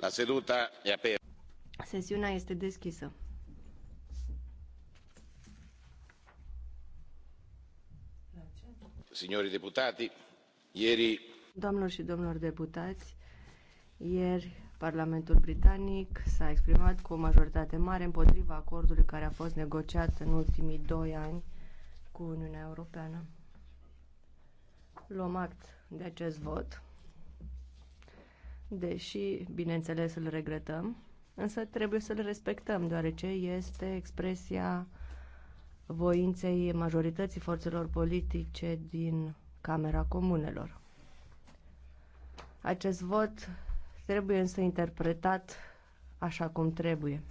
La seduta e aperta. Sesiunea este deschisă. Signori deputati, ieri... Doamnelor și domnilor deputați, ieri Parlamentul Britanic s-a exprimat cu o majoritate mare împotriva acordului care a fost negociat în ultimii doi ani cu Uniunea Europeană. Luăm act de acest vot deși, bineînțeles, îl regretăm, însă trebuie să-l respectăm, deoarece este expresia voinței majorității forțelor politice din Camera Comunelor. Acest vot trebuie însă interpretat așa cum trebuie.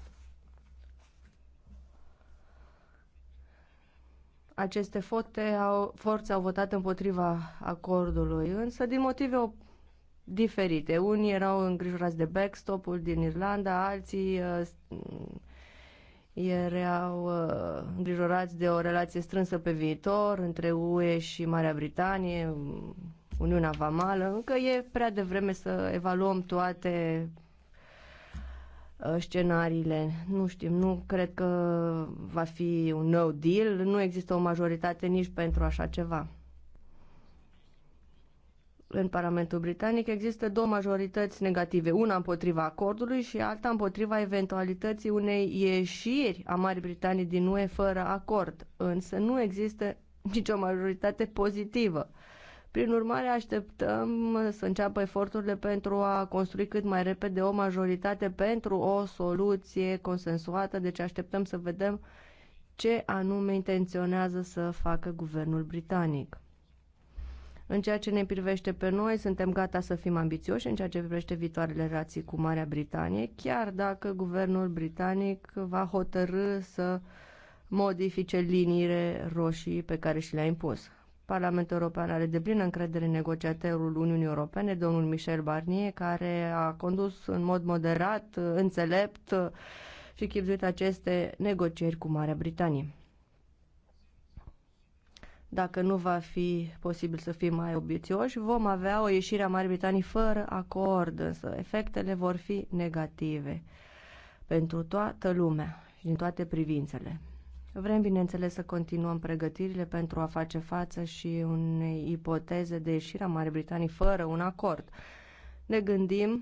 Aceste fote au, forțe au votat împotriva acordului, însă din motive diferite. Unii erau îngrijorați de backstop-ul din Irlanda, alții uh, erau uh, îngrijorați de o relație strânsă pe viitor între UE și Marea Britanie, Uniunea Vamală. Încă e prea devreme să evaluăm toate uh, scenariile. Nu știm, nu cred că va fi un no deal, nu există o majoritate nici pentru așa ceva în Parlamentul Britanic există două majorități negative, una împotriva acordului și alta împotriva eventualității unei ieșiri a Marii Britanii din UE fără acord, însă nu există nicio majoritate pozitivă. Prin urmare, așteptăm să înceapă eforturile pentru a construi cât mai repede o majoritate pentru o soluție consensuată, deci așteptăm să vedem ce anume intenționează să facă guvernul britanic. În ceea ce ne privește pe noi, suntem gata să fim ambițioși în ceea ce privește viitoarele relații cu Marea Britanie, chiar dacă guvernul britanic va hotărâ să modifice liniile roșii pe care și le-a impus. Parlamentul European are plină încredere în negociatorul Uniunii Europene, domnul Michel Barnier, care a condus în mod moderat, înțelept și chipzuit aceste negocieri cu Marea Britanie. Dacă nu va fi posibil să fim mai obițioși, vom avea o ieșire a Marii Britanii fără acord, însă efectele vor fi negative pentru toată lumea și din toate privințele. Vrem, bineînțeles, să continuăm pregătirile pentru a face față și unei ipoteze de ieșire a Marii Britanii fără un acord. Ne gândim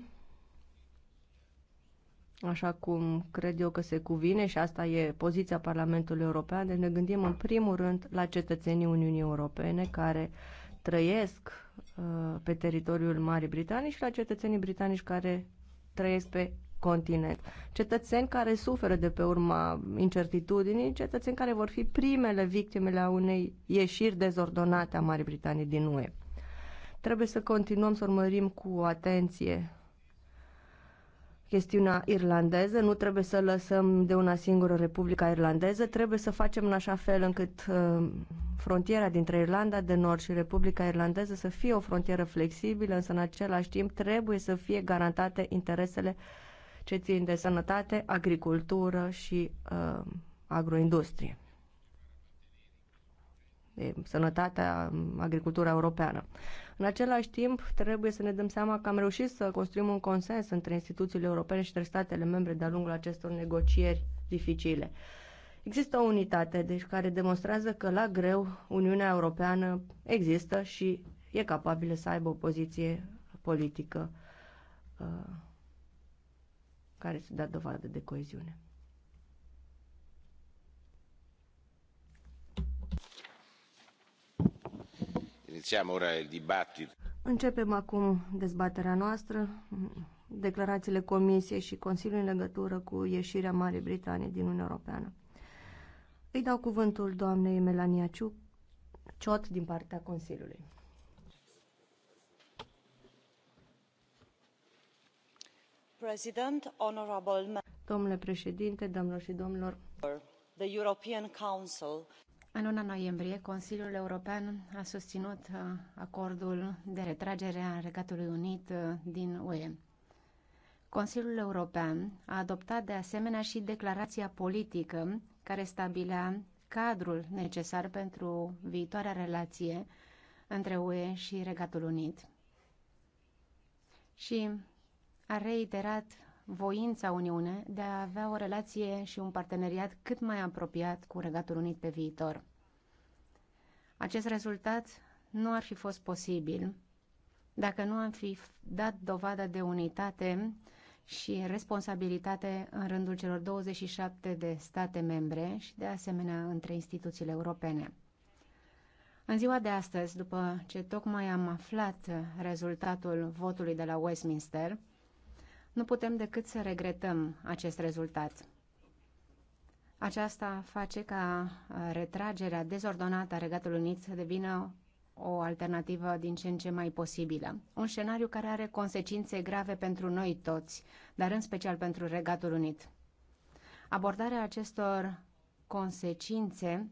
așa cum cred eu că se cuvine și asta e poziția Parlamentului European, deci ne gândim în primul rând la cetățenii Uniunii Europene care trăiesc uh, pe teritoriul Marii Britanii și la cetățenii britanici care trăiesc pe continent. Cetățeni care suferă de pe urma incertitudinii, cetățeni care vor fi primele victimele a unei ieșiri dezordonate a Marii Britanii din UE. Trebuie să continuăm să urmărim cu atenție chestiunea irlandeză, nu trebuie să lăsăm de una singură Republica Irlandeză, trebuie să facem în așa fel încât uh, frontiera dintre Irlanda de Nord și Republica Irlandeză să fie o frontieră flexibilă, însă în același timp trebuie să fie garantate interesele ce țin de sănătate, agricultură și uh, agroindustrie. De deci, sănătatea, agricultura europeană. În același timp, trebuie să ne dăm seama că am reușit să construim un consens între instituțiile europene și între statele membre de-a lungul acestor negocieri dificile. Există o unitate deci, care demonstrează că la greu Uniunea Europeană există și e capabilă să aibă o poziție politică uh, care să dea dovadă de coeziune. Iniziamo ora il dibattito. Începem acum dezbaterea noastră, declarațiile Comisiei și Consiliului în legătură cu ieșirea Marii Britanii din Uniunea Europeană. Îi dau cuvântul doamnei Melania Ciuc, Ciot din partea Consiliului. President, honorable... Domnule președinte, doamnelor și domnilor, the European Council în luna noiembrie, Consiliul European a susținut uh, acordul de retragere a Regatului Unit uh, din UE. Consiliul European a adoptat de asemenea și declarația politică care stabilea cadrul necesar pentru viitoarea relație între UE și Regatul Unit și a reiterat voința Uniune de a avea o relație și un parteneriat cât mai apropiat cu Regatul Unit pe viitor. Acest rezultat nu ar fi fost posibil dacă nu am fi dat dovadă de unitate și responsabilitate în rândul celor 27 de state membre și de asemenea între instituțiile europene. În ziua de astăzi, după ce tocmai am aflat rezultatul votului de la Westminster, nu putem decât să regretăm acest rezultat. Aceasta face ca uh, retragerea dezordonată a Regatului Unit să devină o alternativă din ce în ce mai posibilă. Un scenariu care are consecințe grave pentru noi toți, dar în special pentru Regatul Unit. Abordarea acestor consecințe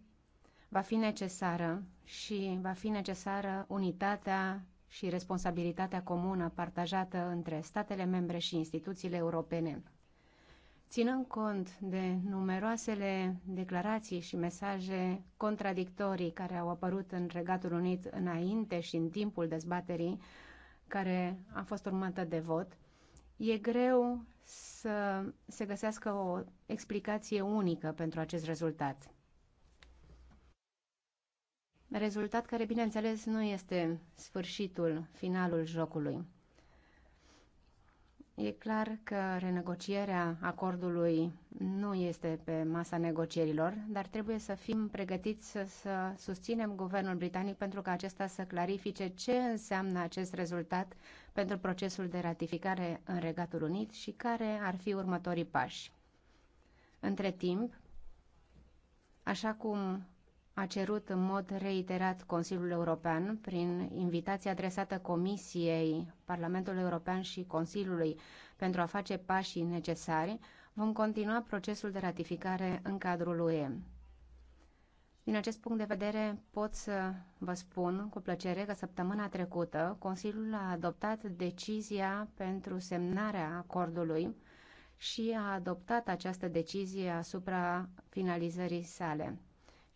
va fi necesară și va fi necesară unitatea și responsabilitatea comună partajată între statele membre și instituțiile europene. Ținând cont de numeroasele declarații și mesaje contradictorii care au apărut în Regatul Unit înainte și în timpul dezbaterii, care a fost urmată de vot, e greu să se găsească o explicație unică pentru acest rezultat rezultat care, bineînțeles, nu este sfârșitul, finalul jocului. E clar că renegocierea acordului nu este pe masa negocierilor, dar trebuie să fim pregătiți să, să susținem guvernul britanic pentru ca acesta să clarifice ce înseamnă acest rezultat pentru procesul de ratificare în Regatul Unit și care ar fi următorii pași. Între timp, așa cum a cerut în mod reiterat Consiliul European, prin invitația adresată Comisiei, Parlamentului European și Consiliului pentru a face pașii necesari, vom continua procesul de ratificare în cadrul UE. Din acest punct de vedere, pot să vă spun cu plăcere că săptămâna trecută Consiliul a adoptat decizia pentru semnarea acordului și a adoptat această decizie asupra finalizării sale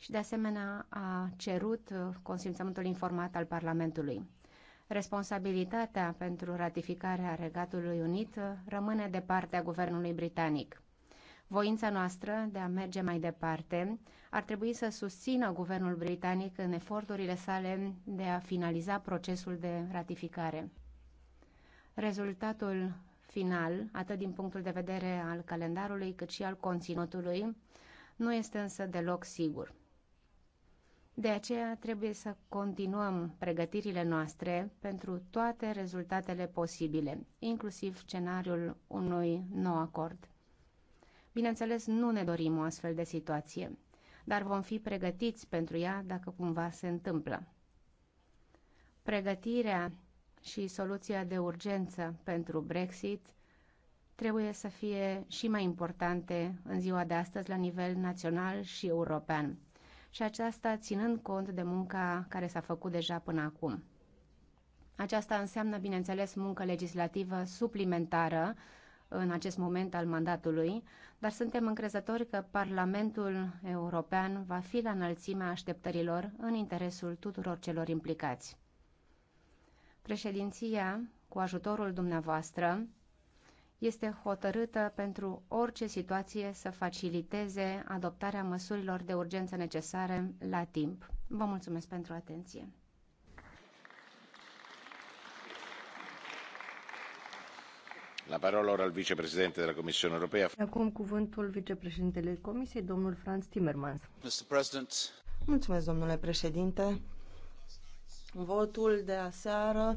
și de asemenea a cerut consimțământul informat al Parlamentului. Responsabilitatea pentru ratificarea Regatului Unit rămâne de partea guvernului britanic. Voința noastră de a merge mai departe ar trebui să susțină guvernul britanic în eforturile sale de a finaliza procesul de ratificare. Rezultatul final, atât din punctul de vedere al calendarului cât și al conținutului, nu este însă deloc sigur. De aceea trebuie să continuăm pregătirile noastre pentru toate rezultatele posibile, inclusiv scenariul unui nou acord. Bineînțeles, nu ne dorim o astfel de situație, dar vom fi pregătiți pentru ea dacă cumva se întâmplă. Pregătirea și soluția de urgență pentru Brexit trebuie să fie și mai importante în ziua de astăzi la nivel național și european și aceasta ținând cont de munca care s-a făcut deja până acum. Aceasta înseamnă, bineînțeles, muncă legislativă suplimentară în acest moment al mandatului, dar suntem încrezători că Parlamentul European va fi la înălțimea așteptărilor în interesul tuturor celor implicați. Președinția, cu ajutorul dumneavoastră, este hotărâtă pentru orice situație să faciliteze adoptarea măsurilor de urgență necesare la timp. Vă mulțumesc pentru atenție. La parola ora al vicepreședinte della Commissione europea. Acum cuvântul vicepreședintele Comisiei, domnul Franz Timmermans. Mulțumesc, domnule președinte. Votul de aseară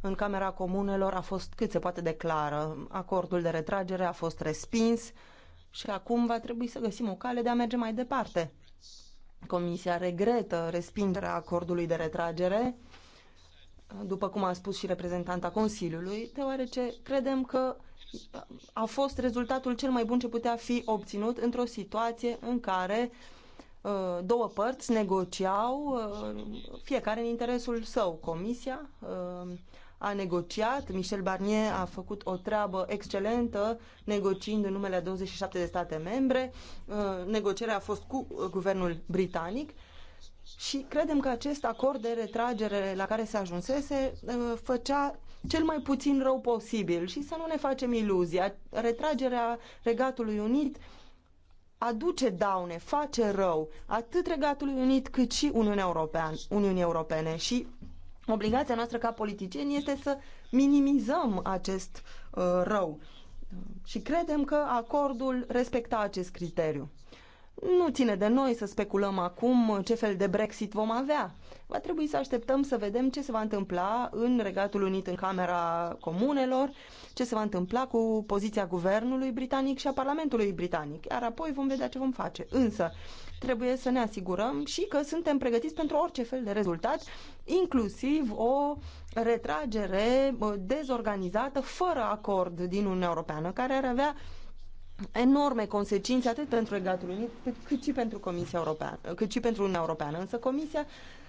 în Camera Comunelor a fost cât se poate de clară. Acordul de retragere a fost respins și acum va trebui să găsim o cale de a merge mai departe. Comisia regretă respingerea acordului de retragere, după cum a spus și reprezentanta Consiliului, deoarece credem că a fost rezultatul cel mai bun ce putea fi obținut într-o situație în care uh, două părți negociau uh, fiecare în interesul său. Comisia uh, a negociat, Michel Barnier a făcut o treabă excelentă negociind în numele a 27 de state membre. Uh, negocierea a fost cu uh, guvernul britanic și credem că acest acord de retragere la care se ajunsese uh, făcea cel mai puțin rău posibil și să nu ne facem iluzia. Retragerea Regatului Unit aduce daune, face rău atât Regatului Unit cât și Uniunea Europeană, Uniunii Europene și Obligația noastră ca politicieni este să minimizăm acest uh, rău și credem că acordul respecta acest criteriu. Nu ține de noi să speculăm acum ce fel de Brexit vom avea. Va trebui să așteptăm să vedem ce se va întâmpla în Regatul Unit în Camera Comunelor, ce se va întâmpla cu poziția guvernului britanic și a Parlamentului britanic, iar apoi vom vedea ce vom face. Însă, trebuie să ne asigurăm și că suntem pregătiți pentru orice fel de rezultat, inclusiv o retragere uh, dezorganizată, fără acord din Uniunea Europeană, care ar avea enorme consecințe atât pentru Regatul Unit cât și pentru Comisia Europeană, cât și pentru Uniunea Europeană. Însă Comisia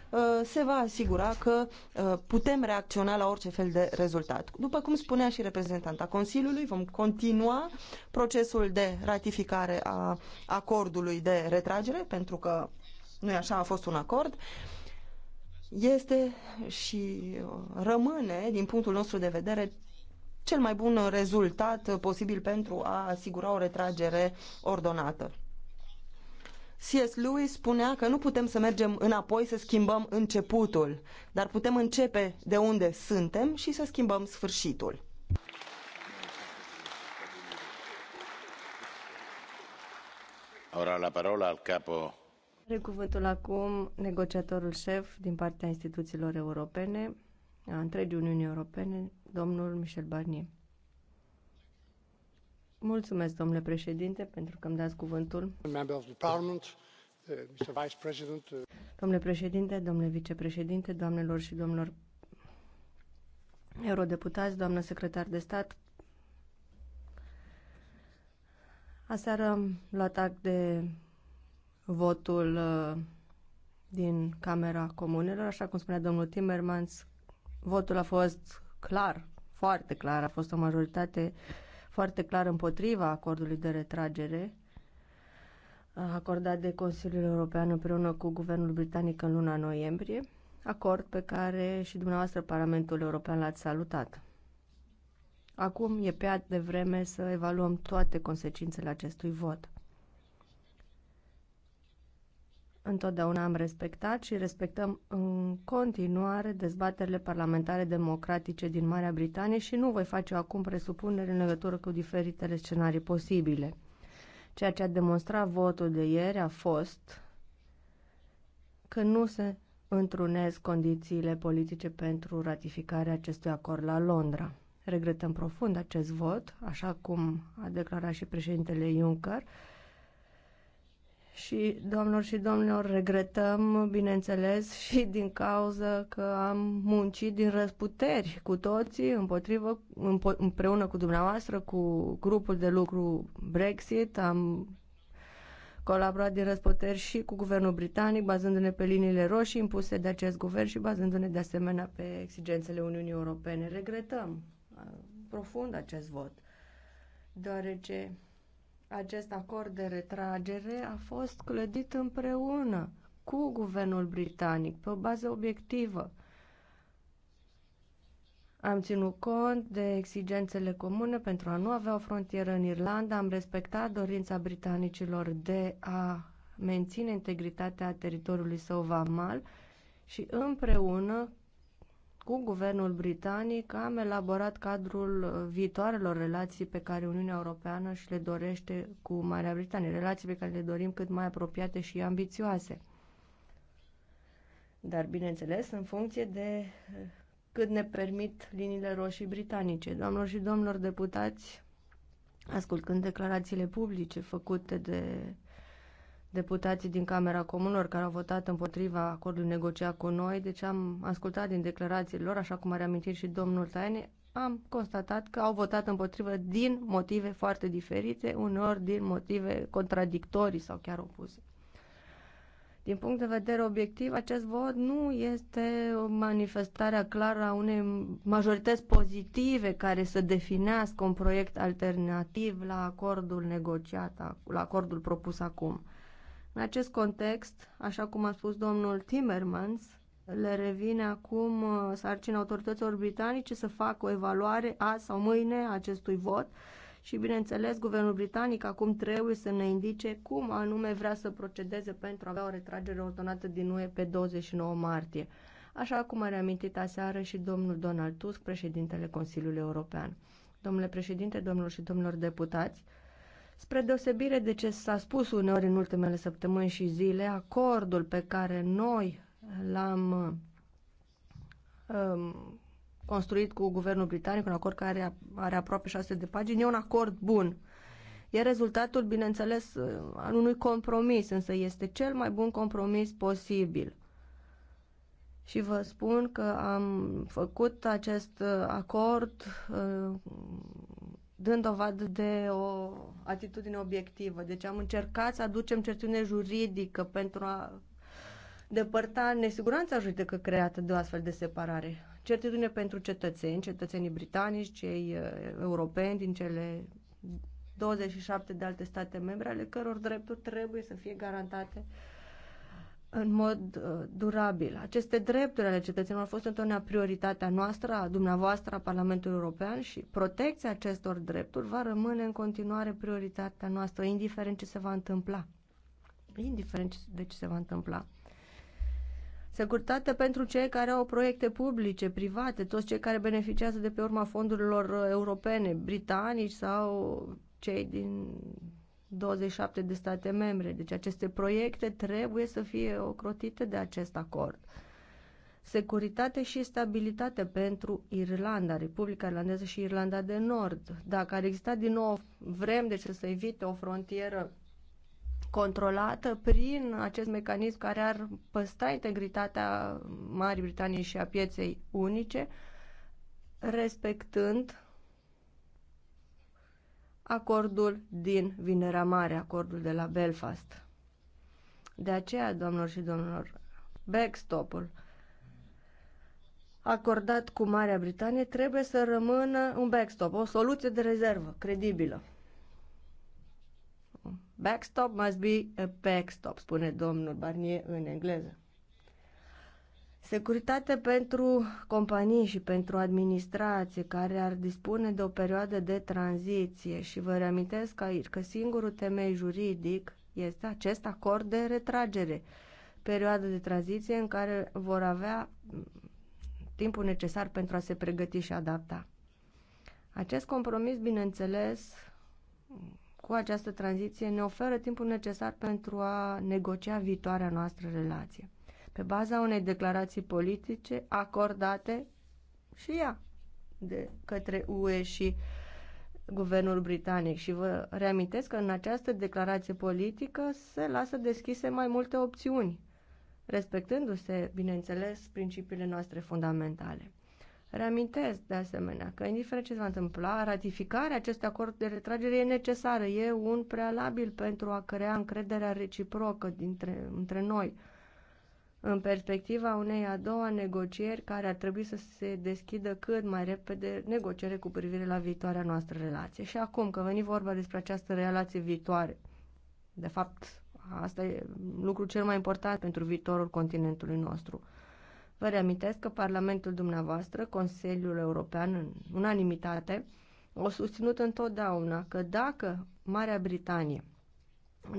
uh, se va asigura că uh, putem reacționa la orice fel de rezultat. După cum spunea și reprezentanta Consiliului, vom continua procesul de ratificare a acordului de retragere, pentru că nu așa, a fost un acord. Este și uh, rămâne, din punctul nostru de vedere, cel mai bun rezultat posibil pentru a asigura o retragere ordonată. C.S. Lewis spunea că nu putem să mergem înapoi să schimbăm începutul, dar putem începe de unde suntem și să schimbăm sfârșitul. Ora la parola al capo. Are cuvântul acum negociatorul șef din partea instituțiilor europene, a întregii Uniunii Europene, domnul Michel Barnier. Mulțumesc, domnule președinte, pentru că îmi dați cuvântul. Uh, uh, domnule președinte, domnule vicepreședinte, doamnelor și domnilor eurodeputați, doamnă secretar de stat, aseară am luat act de votul uh, din Camera Comunelor, așa cum spunea domnul Timmermans, Votul a fost clar, foarte clar, a fost o majoritate foarte clar împotriva acordului de retragere acordat de Consiliul European împreună cu Guvernul Britanic în luna noiembrie, acord pe care și dumneavoastră Parlamentul European l-ați salutat. Acum e pe de vreme să evaluăm toate consecințele acestui vot. Întotdeauna am respectat și respectăm în continuare dezbaterile parlamentare democratice din Marea Britanie și nu voi face acum presupuneri în legătură cu diferitele scenarii posibile. Ceea ce a demonstrat votul de ieri a fost că nu se întrunesc condițiile politice pentru ratificarea acestui acord la Londra. Regretăm profund acest vot, așa cum a declarat și președintele Juncker, și, domnilor și domnilor, regretăm, bineînțeles, și din cauza că am muncit din răsputeri cu toții, împotrivă, împreună cu dumneavoastră, cu grupul de lucru Brexit, am colaborat din răsputeri și cu guvernul britanic, bazându-ne pe liniile roșii impuse de acest guvern și bazându-ne de asemenea pe exigențele Uniunii Europene. Regretăm uh, profund acest vot, deoarece acest acord de retragere a fost clădit împreună cu guvernul britanic, pe o bază obiectivă. Am ținut cont de exigențele comune pentru a nu avea o frontieră în Irlanda, am respectat dorința britanicilor de a menține integritatea teritoriului său vamal și împreună cu guvernul britanic am elaborat cadrul viitoarelor relații pe care Uniunea Europeană și le dorește cu Marea Britanie, relații pe care le dorim cât mai apropiate și ambițioase. Dar, bineînțeles, în funcție de eh, cât ne permit liniile roșii britanice. Doamnelor și domnilor deputați, ascultând declarațiile publice făcute de deputații din Camera Comunilor care au votat împotriva acordului negociat cu noi, deci am ascultat din declarațiile lor, așa cum a reamintit și domnul Taine, am constatat că au votat împotrivă din motive foarte diferite, uneori din motive contradictorii sau chiar opuse. Din punct de vedere obiectiv, acest vot nu este o manifestare clară a unei majorități pozitive care să definească un proiect alternativ la acordul negociat, la acordul propus acum. În acest context, așa cum a spus domnul Timmermans, le revine acum uh, sarcina autorităților britanice să facă o evaluare azi sau mâine a acestui vot și, bineînțeles, guvernul britanic acum trebuie să ne indice cum anume vrea să procedeze pentru a avea o retragere ordonată din UE pe 29 martie, așa cum a reamintit aseară și domnul Donald Tusk, președintele Consiliului European. Domnule președinte, domnilor și domnilor deputați, Spre deosebire de ce s-a spus uneori în ultimele săptămâni și zile, acordul pe care noi l-am um, construit cu guvernul britanic, un acord care are, are aproape șase de pagini, e un acord bun. E rezultatul, bineînțeles, al unui compromis, însă este cel mai bun compromis posibil. Și vă spun că am făcut acest acord uh, dând dovadă de o atitudine obiectivă. Deci am încercat să aducem certiune juridică pentru a depărta nesiguranța juridică creată de o astfel de separare. Certitudine pentru cetățeni, cetățenii britanici, cei uh, europeni din cele 27 de alte state membre, ale căror drepturi trebuie să fie garantate uh, în mod uh, durabil. Aceste drepturi ale cetățenilor au fost întotdeauna prioritatea noastră, a dumneavoastră, a Parlamentului European și protecția acestor drepturi va rămâne în continuare prioritatea noastră, indiferent ce se va întâmpla. Indiferent de ce se va întâmpla. Securitate pentru cei care au proiecte publice, private, toți cei care beneficiază de pe urma fondurilor uh, europene, britanici sau cei din 27 de state membre. Deci aceste proiecte trebuie să fie ocrotite de acest acord. Securitate și stabilitate pentru Irlanda, Republica Irlandeză și Irlanda de Nord. Dacă ar exista din nou, vrem de deci, ce să evite o frontieră controlată prin acest mecanism care ar păstra integritatea Marii Britanii și a pieței unice, respectând acordul din Vinerea Mare, acordul de la Belfast. De aceea, doamnelor și domnilor, backstop-ul acordat cu Marea Britanie trebuie să rămână un backstop, o soluție de rezervă credibilă. Backstop must be a backstop, spune domnul Barnier în engleză. Securitate pentru companii și pentru administrație care ar dispune de o perioadă de tranziție și vă reamintesc aici că singurul temei juridic este acest acord de retragere, perioadă de tranziție în care vor avea mm, timpul necesar pentru a se pregăti și adapta. Acest compromis, bineînțeles, cu această tranziție ne oferă timpul necesar pentru a negocia viitoarea noastră relație pe baza unei declarații politice acordate și ea de către UE și guvernul britanic. Și vă reamintesc că în această declarație politică se lasă deschise mai multe opțiuni, respectându-se, bineînțeles, principiile noastre fundamentale. Reamintesc, de asemenea, că indiferent ce se va întâmpla, ratificarea acestui acord de retragere e necesară, e un prealabil pentru a crea încrederea reciprocă dintre între noi în perspectiva unei a doua negocieri care ar trebui să se deschidă cât mai repede negociere cu privire la viitoarea noastră relație. Și acum că veni vorba despre această relație viitoare, de fapt, asta e lucru cel mai important pentru viitorul continentului nostru. Vă reamintesc că Parlamentul dumneavoastră, Consiliul European, în unanimitate, au susținut întotdeauna că dacă Marea Britanie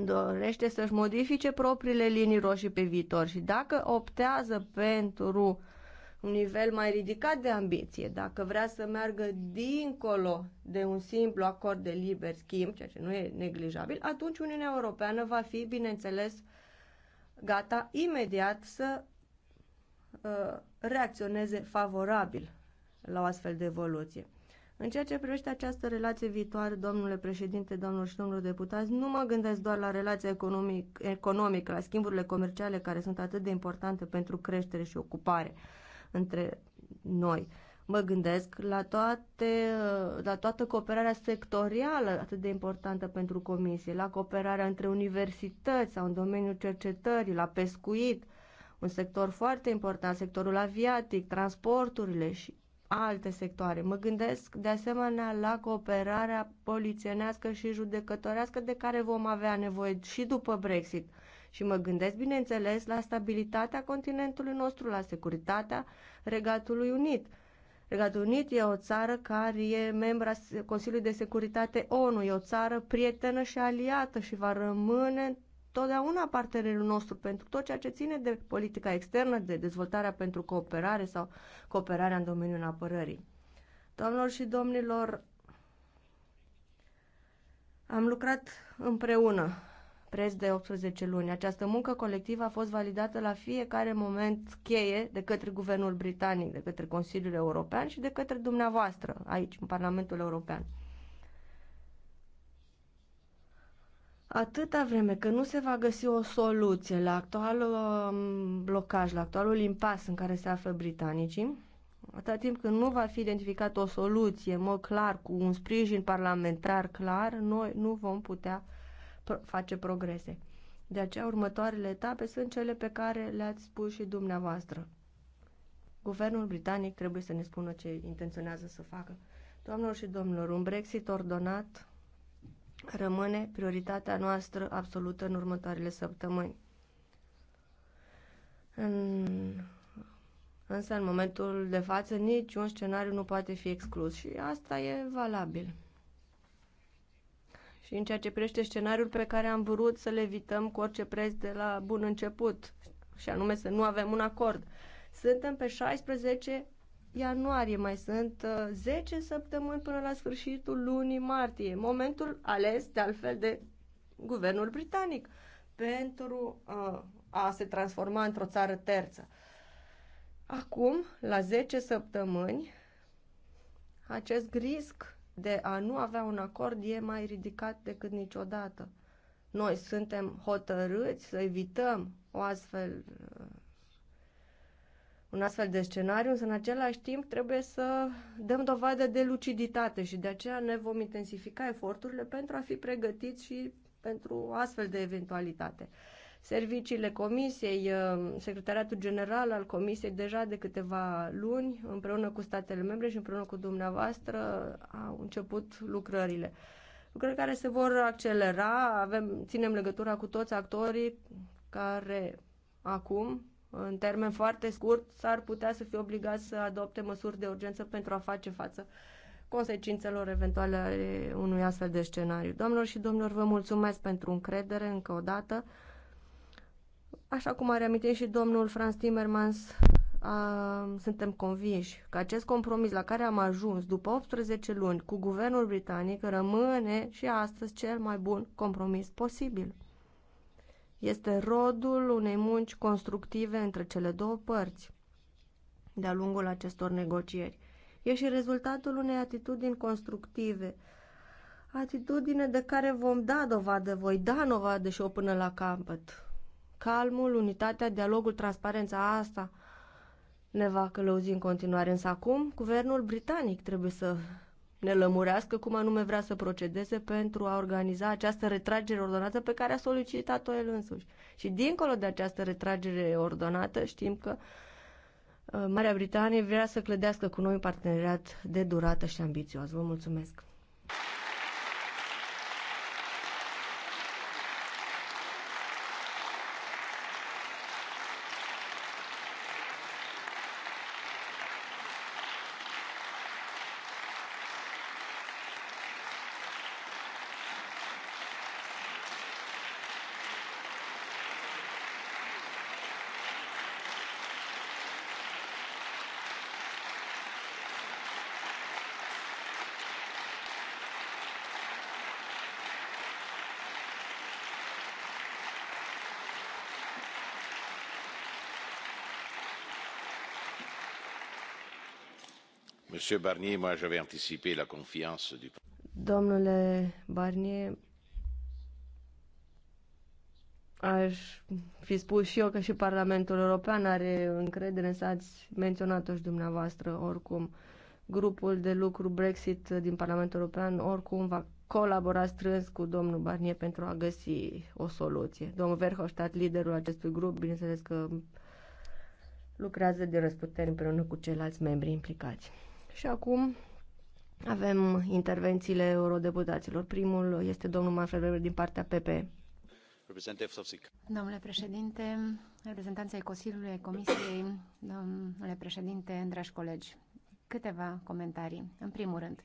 dorește să-și modifice propriile linii roșii pe viitor și dacă optează pentru un nivel mai ridicat de ambiție, dacă vrea să meargă dincolo de un simplu acord de liber schimb, ceea ce nu e neglijabil, atunci Uniunea Europeană va fi, bineînțeles, gata imediat să uh, reacționeze favorabil la o astfel de evoluție. În ceea ce privește această relație viitoare, domnule președinte, domnul și domnul deputați, nu mă gândesc doar la relația economic, economică, la schimburile comerciale care sunt atât de importante pentru creștere și ocupare între noi. Mă gândesc la, toate, la toată cooperarea sectorială atât de importantă pentru comisie, la cooperarea între universități sau în domeniul cercetării, la pescuit, un sector foarte important, sectorul aviatic, transporturile și alte sectoare. Mă gândesc de asemenea la cooperarea polițienească și judecătorească de care vom avea nevoie și după Brexit. Și mă gândesc, bineînțeles, la stabilitatea continentului nostru, la securitatea Regatului Unit. Regatul Unit e o țară care e membra Consiliului de Securitate ONU, e o țară prietenă și aliată și va rămâne totdeauna partenerul nostru pentru tot ceea ce ține de politica externă, de dezvoltarea pentru cooperare sau cooperarea în domeniul apărării. Doamnelor și domnilor, am lucrat împreună preț de 18 luni. Această muncă colectivă a fost validată la fiecare moment cheie de către Guvernul Britanic, de către Consiliul European și de către dumneavoastră aici, în Parlamentul European. Atâta vreme că nu se va găsi o soluție la actualul um, blocaj, la actualul impas în care se află britanicii, atâta timp când nu va fi identificată o soluție, în mod clar, cu un sprijin parlamentar clar, noi nu vom putea face progrese. De aceea, următoarele etape sunt cele pe care le-ați spus și dumneavoastră. Guvernul britanic trebuie să ne spună ce intenționează să facă. Doamnelor și domnilor, un Brexit ordonat rămâne prioritatea noastră absolută în următoarele săptămâni. În... Însă, în momentul de față, niciun scenariu nu poate fi exclus și asta e valabil. Și în ceea ce privește scenariul pe care am vrut să le evităm cu orice preț de la bun început, și anume să nu avem un acord, suntem pe 16 ianuarie, mai sunt 10 uh, săptămâni până la sfârșitul lunii martie, momentul ales de altfel de guvernul britanic pentru a, uh, a se transforma într-o țară terță. Acum, la 10 săptămâni, acest risc de a nu avea un acord e mai ridicat decât niciodată. Noi suntem hotărâți să evităm o astfel uh, un astfel de scenariu, însă în același timp trebuie să dăm dovadă de luciditate și de aceea ne vom intensifica eforturile pentru a fi pregătiți și pentru astfel de eventualitate. Serviciile Comisiei, uh, Secretariatul General al Comisiei deja de câteva luni, împreună cu statele membre și împreună cu dumneavoastră, au început lucrările. Lucrări care se vor accelera, avem, ținem legătura cu toți actorii care acum în termen foarte scurt, s-ar putea să fie obligat să adopte măsuri de urgență pentru a face față consecințelor eventuale ale unui astfel de scenariu. Domnilor și domnilor, vă mulțumesc pentru încredere încă o dată. Așa cum a reamintit și domnul Franz Timmermans, a, suntem convinși că acest compromis la care am ajuns după 18 luni cu guvernul britanic rămâne și astăzi cel mai bun compromis posibil este rodul unei munci constructive între cele două părți de-a lungul acestor negocieri. E și rezultatul unei atitudini constructive, atitudine de care vom da dovadă, voi da dovadă și o până la capăt. Calmul, unitatea, dialogul, transparența asta ne va călăuzi în continuare. Însă acum, guvernul britanic trebuie să ne lămurească cum anume vrea să procedeze pentru a organiza această retragere ordonată pe care a solicitat-o el însuși. Și dincolo de această retragere ordonată, știm că uh, Marea Britanie vrea să clădească cu noi un parteneriat de durată și ambițios. Vă mulțumesc! Monsieur Barnier, moi j'avais anticipé la confiance du... Domnule Barnier, aș fi spus și eu că și Parlamentul European are încredere, însă ați menționat-o și dumneavoastră oricum. Grupul de lucru Brexit din Parlamentul European oricum va colabora strâns cu domnul Barnier pentru a găsi o soluție. Domnul Verhofstadt, liderul acestui grup, bineînțeles că lucrează de răsputeri împreună cu ceilalți membri implicați. Și acum avem intervențiile eurodeputaților. Primul este domnul Manfred Weber din partea PP. Domnule președinte, reprezentanții Consiliului Comisiei, domnule președinte, dragi colegi, câteva comentarii. În primul rând,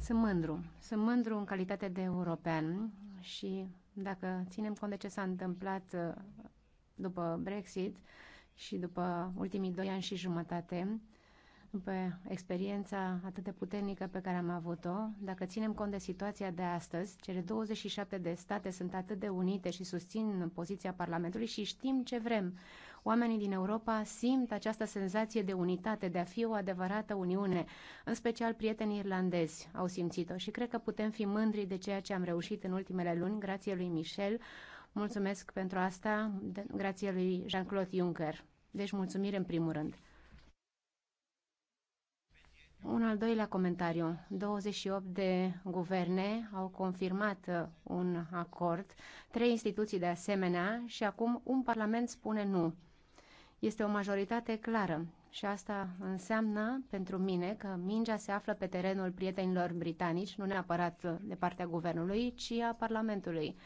sunt mândru. Sunt mândru în calitate de european și dacă ținem cont de ce s-a întâmplat uh, după Brexit și după ultimii doi ani și jumătate, pe experiența atât de puternică pe care am avut-o, dacă ținem cont de situația de astăzi, cele 27 de state sunt atât de unite și susțin poziția Parlamentului și știm ce vrem. Oamenii din Europa simt această senzație de unitate, de a fi o adevărată uniune, în special prietenii irlandezi au simțit-o și cred că putem fi mândri de ceea ce am reușit în ultimele luni, grație lui Michel, mulțumesc pentru asta, grație lui Jean-Claude Juncker. Deci mulțumire în primul rând. Un al doilea comentariu. 28 de guverne au confirmat uh, un acord, trei instituții de asemenea și acum un parlament spune nu. Este o majoritate clară și asta înseamnă pentru mine că mingea se află pe terenul prietenilor britanici, nu neapărat de partea guvernului, ci a Parlamentului.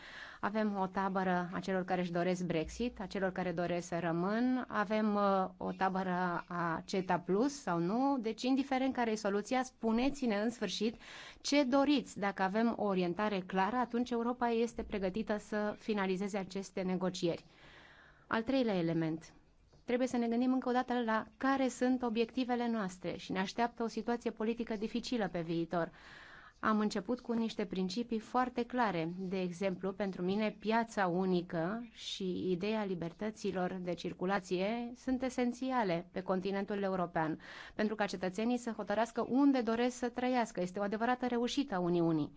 Avem o tabără a celor care își doresc Brexit, a celor care doresc să rămân, avem uh, o tabără a CETA Plus sau nu, deci indiferent care e soluția, spuneți-ne în sfârșit ce doriți. Dacă avem o orientare clară, atunci Europa este pregătită să finalizeze aceste negocieri. Al treilea element – trebuie să ne gândim încă o dată la care sunt obiectivele noastre și ne așteaptă o situație politică dificilă pe viitor. Am început cu niște principii foarte clare. De exemplu, pentru mine, piața unică și ideea libertăților de circulație sunt esențiale pe continentul european, pentru ca cetățenii să hotărească unde doresc să trăiască. Este o adevărată reușită a Uniunii.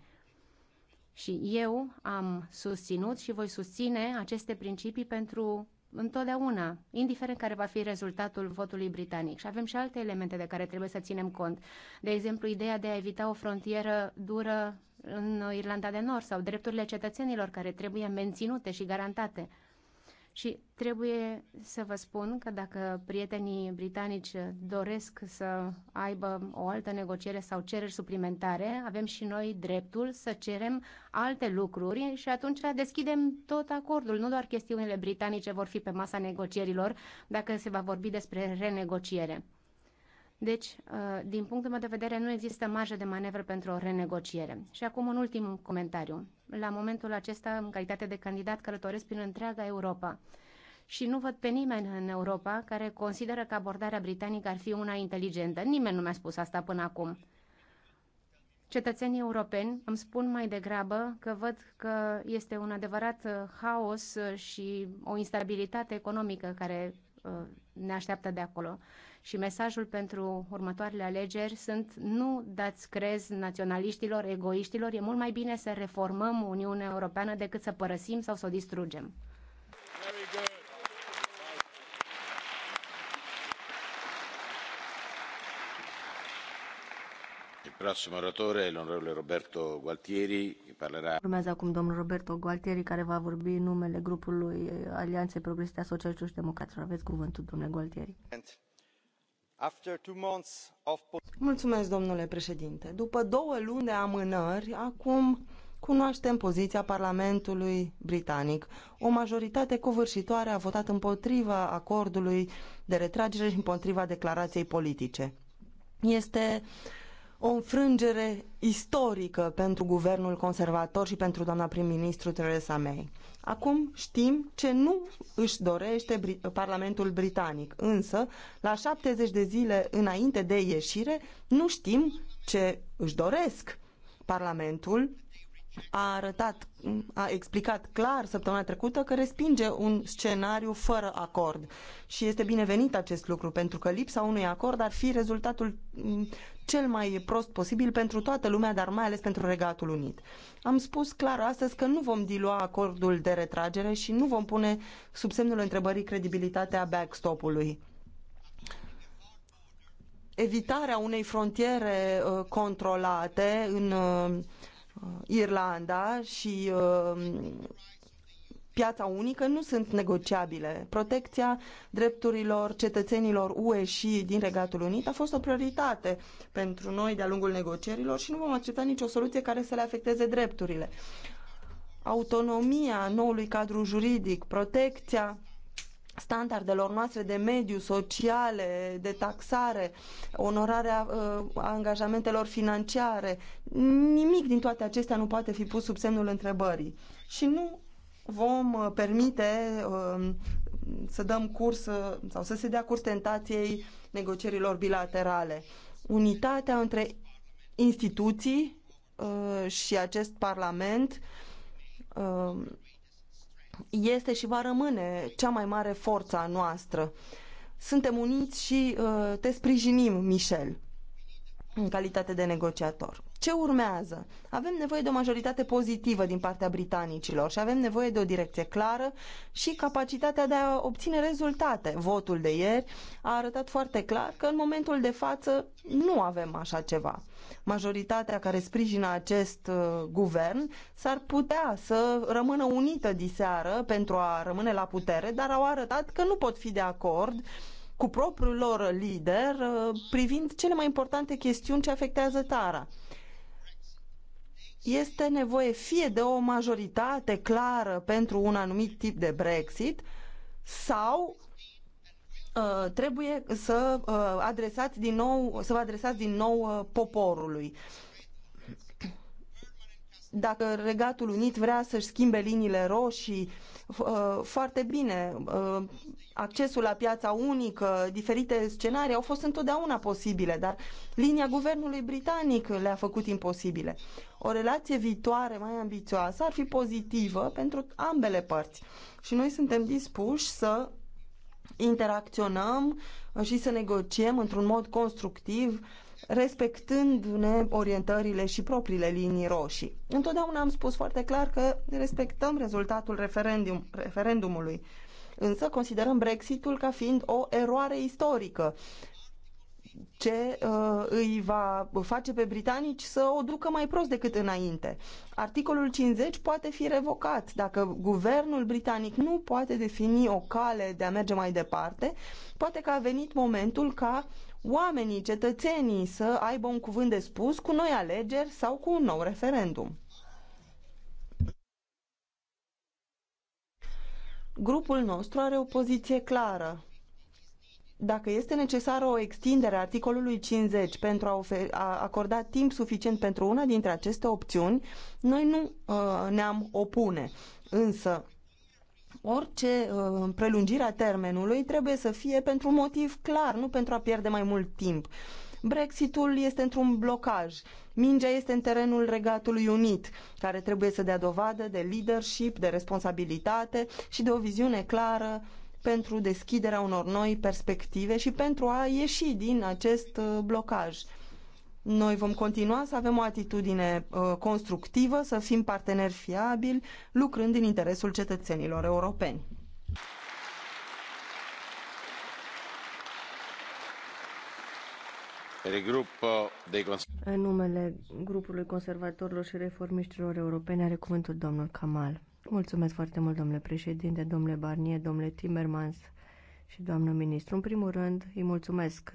Și eu am susținut și voi susține aceste principii pentru întotdeauna, indiferent care va fi rezultatul votului britanic. Și avem și alte elemente de care trebuie să ținem cont. De exemplu, ideea de a evita o frontieră dură în Irlanda de Nord sau drepturile cetățenilor care trebuie menținute și garantate. Și trebuie să vă spun că dacă prietenii britanici doresc să aibă o altă negociere sau cereri suplimentare, avem și noi dreptul să cerem alte lucruri și atunci deschidem tot acordul. Nu doar chestiunile britanice vor fi pe masa negocierilor dacă se va vorbi despre renegociere. Deci, uh, din punctul meu de vedere, nu există marjă de manevră pentru o renegociere. Și acum un ultim comentariu. La momentul acesta, în calitate de candidat, călătoresc prin întreaga Europa și nu văd pe nimeni în Europa care consideră că abordarea britanică ar fi una inteligentă. Nimeni nu mi-a spus asta până acum. Cetățenii europeni îmi spun mai degrabă că văd că este un adevărat uh, haos uh, și o instabilitate economică care ne așteaptă de acolo. Și mesajul pentru următoarele alegeri sunt nu dați crez naționaliștilor, egoiștilor, e mult mai bine să reformăm Uniunea Europeană decât să părăsim sau să o distrugem. Urmează acum domnul Roberto Gualtieri, care va vorbi în numele grupului eh, Alianței Progresiste a Socialiștilor și Democraților. Aveți cuvântul, domnule Gualtieri. Mulțumesc, domnule președinte. După două luni de amânări, acum cunoaștem poziția Parlamentului Britanic. O majoritate covârșitoare a votat împotriva acordului de retragere și împotriva declarației politice. Este o înfrângere istorică pentru guvernul conservator și pentru doamna prim-ministru Theresa May. Acum știm ce nu își dorește Parlamentul Britanic, însă la 70 de zile înainte de ieșire nu știm ce își doresc. Parlamentul a arătat, a explicat clar săptămâna trecută că respinge un scenariu fără acord. Și este binevenit acest lucru, pentru că lipsa unui acord ar fi rezultatul cel mai prost posibil pentru toată lumea, dar mai ales pentru Regatul Unit. Am spus clar astăzi că nu vom dilua acordul de retragere și nu vom pune sub semnul întrebării credibilitatea backstop-ului evitarea unei frontiere uh, controlate în uh, Irlanda și uh, piața unică nu sunt negociabile. Protecția drepturilor cetățenilor UE și din Regatul Unit a fost o prioritate pentru noi de-a lungul negocierilor și nu vom accepta nicio soluție care să le afecteze drepturile. Autonomia noului cadru juridic, protecția standardelor noastre de mediu, sociale, de taxare, onorarea uh, angajamentelor financiare, nimic din toate acestea nu poate fi pus sub semnul întrebării. Și nu vom uh, permite uh, să dăm curs uh, sau să se dea curs tentației negocierilor bilaterale. Unitatea între instituții și acest Parlament este și va rămâne cea mai mare forță a noastră. Suntem uniți și te sprijinim, Michel, în calitate de negociator. Ce urmează? Avem nevoie de o majoritate pozitivă din partea britanicilor și avem nevoie de o direcție clară și capacitatea de a obține rezultate. Votul de ieri a arătat foarte clar că în momentul de față nu avem așa ceva. Majoritatea care sprijină acest uh, guvern s-ar putea să rămână unită diseară pentru a rămâne la putere, dar au arătat că nu pot fi de acord cu propriul lor lider uh, privind cele mai importante chestiuni ce afectează țara este nevoie fie de o majoritate clară pentru un anumit tip de Brexit sau uh, trebuie să uh, adresați din nou, să vă adresați din nou uh, poporului dacă Regatul Unit vrea să-și schimbe liniile roșii, uh, foarte bine. Uh, accesul la piața unică, diferite scenarii au fost întotdeauna posibile, dar linia guvernului britanic le-a făcut imposibile. O relație viitoare mai ambițioasă ar fi pozitivă pentru ambele părți. Și noi suntem dispuși să interacționăm și să negociem într-un mod constructiv respectându-ne orientările și propriile linii roșii. Întotdeauna am spus foarte clar că respectăm rezultatul referendum, referendumului, însă considerăm Brexitul ca fiind o eroare istorică ce uh, îi va face pe britanici să o ducă mai prost decât înainte. Articolul 50 poate fi revocat. Dacă guvernul britanic nu poate defini o cale de a merge mai departe, poate că a venit momentul ca oamenii, cetățenii să aibă un cuvânt de spus cu noi alegeri sau cu un nou referendum. Grupul nostru are o poziție clară dacă este necesară o extindere a articolului 50 pentru a, oferi, a acorda timp suficient pentru una dintre aceste opțiuni, noi nu uh, ne-am opune. Însă, orice uh, prelungire a termenului trebuie să fie pentru un motiv clar, nu pentru a pierde mai mult timp. Brexitul este într-un blocaj. Mingea este în terenul Regatului Unit, care trebuie să dea dovadă de leadership, de responsabilitate și de o viziune clară pentru deschiderea unor noi perspective și pentru a ieși din acest uh, blocaj. Noi vom continua să avem o atitudine uh, constructivă, să fim parteneri fiabili, lucrând în interesul cetățenilor europeni. În numele grupului conservatorilor și reformiștilor europene are cuvântul domnul Kamal. Mulțumesc foarte mult, domnule președinte, domnule Barnier, domnule Timmermans și doamnă ministru. În primul rând, îi mulțumesc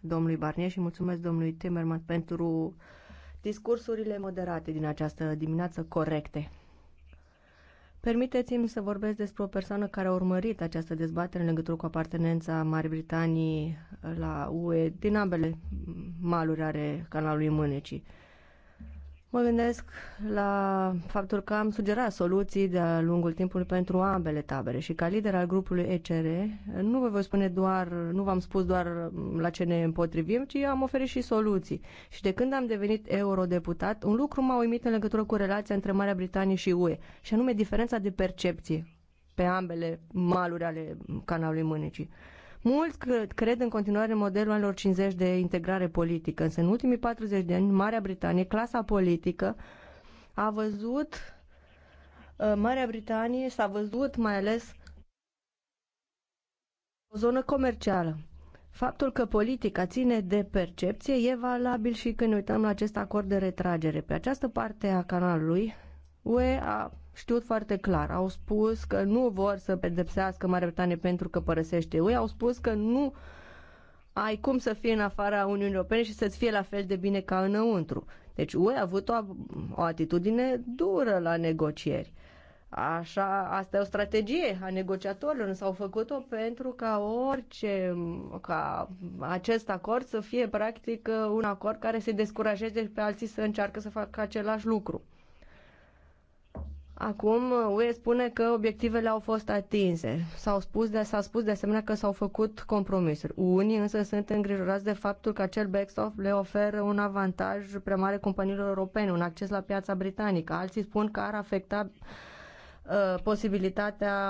domnului Barnier și mulțumesc domnului Timmermans pentru discursurile moderate din această dimineață corecte. Permiteți-mi să vorbesc despre o persoană care a urmărit această dezbatere în legătură cu apartenența Marii Britanii la UE din ambele maluri ale canalului Mânecii. Mă gândesc la faptul că am sugerat soluții de-a lungul timpului pentru ambele tabere și ca lider al grupului ECR nu vă voi spune doar, nu v-am spus doar la ce ne împotrivim, ci am oferit și soluții. Și de când am devenit eurodeputat, un lucru m-a uimit în legătură cu relația între Marea Britanie și UE, și anume diferența de percepție pe ambele maluri ale canalului Mânecii. Mulți cred, cred în continuare în modelul anilor 50 de integrare politică, însă în ultimii 40 de ani, Marea Britanie, clasa politică, a văzut, uh, Marea Britanie s-a văzut mai ales o zonă comercială. Faptul că politica ține de percepție e valabil și când ne uităm la acest acord de retragere. Pe această parte a canalului, UE a știut foarte clar. Au spus că nu vor să pedepsească Marea Britanie pentru că părăsește UE. Au spus că nu ai cum să fii în afara Uniunii Europene și să-ți fie la fel de bine ca înăuntru. Deci UE a avut o, o atitudine dură la negocieri. Așa, asta e o strategie a negociatorilor, s-au făcut-o pentru ca orice, ca acest acord să fie practic un acord care să descurajeze pe alții să încearcă să facă același lucru. Acum, UE spune că obiectivele au fost atinse. S-au spus de, s-a spus de asemenea că s-au făcut compromisuri. Unii însă sunt îngrijorați de faptul că acel backstop le oferă un avantaj prea mare companiilor europene, un acces la piața britanică. Alții spun că ar afecta uh, posibilitatea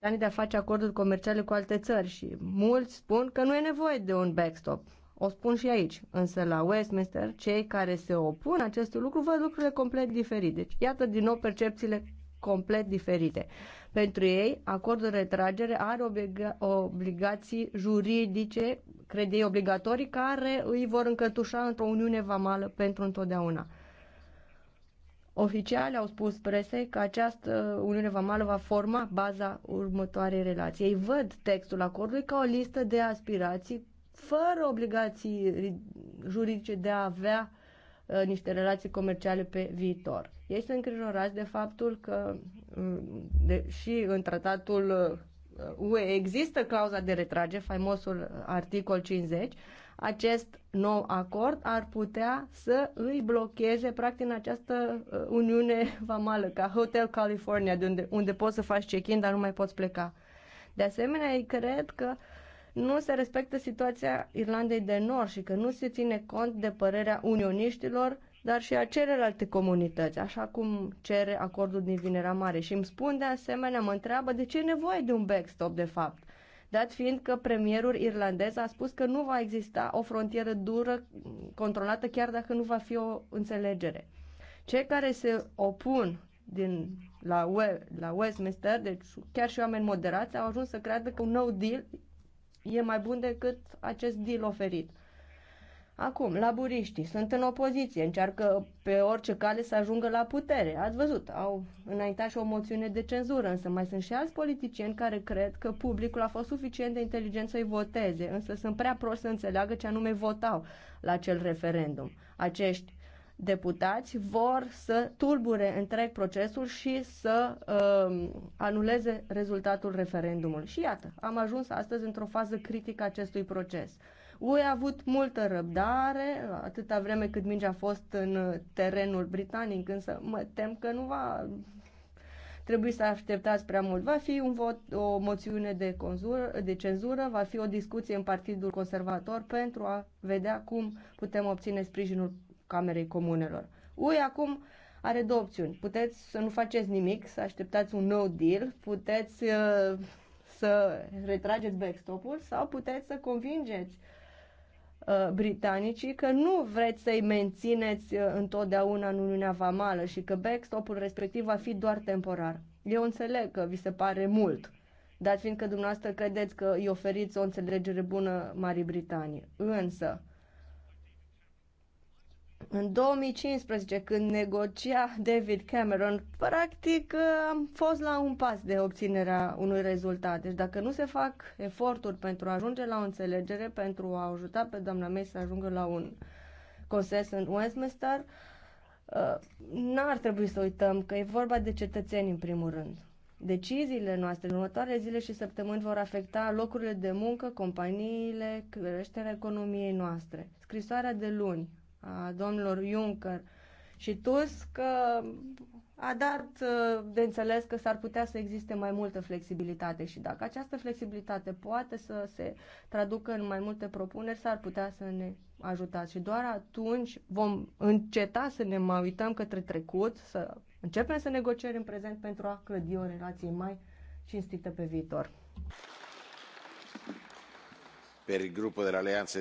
ani de a face acorduri comerciale cu alte țări și mulți spun că nu e nevoie de un backstop. O spun și aici, însă la Westminster, cei care se opun acestui lucru văd lucrurile complet diferite. Deci, iată din nou percepțiile complet diferite. Pentru ei, acordul de retragere are obliga- obligații juridice, cred ei, obligatorii, care îi vor încătușa într-o uniune vamală pentru întotdeauna. Oficiali au spus presei că această Uniune Vamală va forma baza următoarei relații. Ei văd textul acordului ca o listă de aspirații fără obligații juridice de a avea uh, niște relații comerciale pe viitor. Ei sunt îngrijorați de faptul că, uh, și în tratatul UE uh, există clauza de retrage, faimosul articol 50, acest nou acord ar putea să îi blocheze practic în această uh, uniune vamală, ca Hotel California, de unde, unde poți să faci check-in, dar nu mai poți pleca. De asemenea, ei cred că uh, nu se respectă situația Irlandei de Nord și că nu se ține cont de părerea unioniștilor, dar și a celelalte comunități, așa cum cere acordul din Vinerea Mare. Și îmi spun de asemenea, mă întreabă de ce e nevoie de un backstop de fapt dat fiind că premierul irlandez a spus că nu va exista o frontieră dură controlată chiar dacă nu va fi o înțelegere. Cei care se opun din, la, la Westminster, deci chiar și oameni moderați, au ajuns să creadă că un no deal e mai bun decât acest deal oferit. Acum, laburiștii sunt în opoziție, încearcă pe orice cale să ajungă la putere. Ați văzut, au înaintat și o moțiune de cenzură, însă mai sunt și alți politicieni care cred că publicul a fost suficient de inteligent să-i voteze, însă sunt prea proști să înțeleagă ce anume votau la acel referendum. Acești deputați vor să tulbure întreg procesul și să uh, anuleze rezultatul referendumului. Și iată, am ajuns astăzi într-o fază critică acestui proces. UE a avut multă răbdare, atâta vreme cât mingea a fost în terenul britanic, însă mă tem că nu va trebui să așteptați prea mult. Va fi un vot, o moțiune de, conzură, de cenzură, va fi o discuție în Partidul Conservator pentru a vedea cum putem obține sprijinul Camerei Comunelor. UE acum are două opțiuni. Puteți să nu faceți nimic, să așteptați un no deal, puteți uh, să retrageți backstop-ul sau puteți să convingeți uh, britanicii că nu vreți să-i mențineți uh, întotdeauna în Uniunea Vamală și că backstop-ul respectiv va fi doar temporar. Eu înțeleg că vi se pare mult, dar fiindcă dumneavoastră credeți că îi oferiți o înțelegere bună Marii Britanii. Însă, în 2015, când negocia David Cameron, practic uh, am fost la un pas de obținerea unui rezultat. Deci dacă nu se fac eforturi pentru a ajunge la o înțelegere, pentru a ajuta pe doamna May să ajungă la un consens în Westminster, uh, n-ar trebui să uităm că e vorba de cetățeni în primul rând. Deciziile noastre în următoarele zile și săptămâni vor afecta locurile de muncă, companiile, creșterea economiei noastre. Scrisoarea de luni a domnilor Juncker și Tusk uh, a dat uh, de înțeles că s-ar putea să existe mai multă flexibilitate și dacă această flexibilitate poate să se traducă în mai multe propuneri, s-ar putea să ne ajutați și doar atunci vom înceta să ne mai uităm către trecut, să începem să negociem în prezent pentru a clădi o relație mai cinstită pe viitor. Per il gruppo dell'Alleanza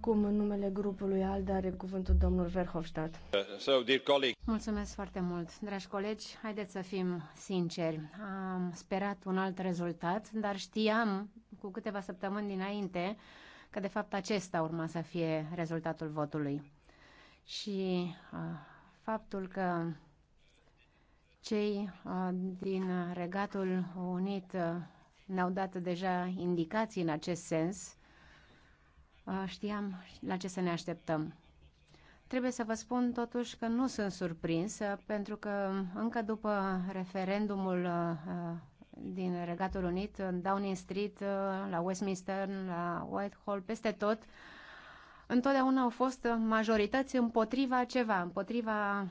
Cum în numele grupului ALDE are cuvântul domnul Verhofstadt. So, dear colleague. Mulțumesc foarte mult. Dragi colegi, haideți să fim sinceri. Am sperat un alt rezultat, dar știam cu câteva săptămâni dinainte că de fapt acesta urma să fie rezultatul votului. Și uh, faptul că cei uh, din Regatul Unit uh, ne-au dat deja indicații în acest sens Știam la ce să ne așteptăm. Trebuie să vă spun totuși că nu sunt surprinsă, pentru că încă după referendumul din Regatul Unit, în Downing Street, la Westminster, la Whitehall, peste tot, întotdeauna au fost majorități împotriva ceva, împotriva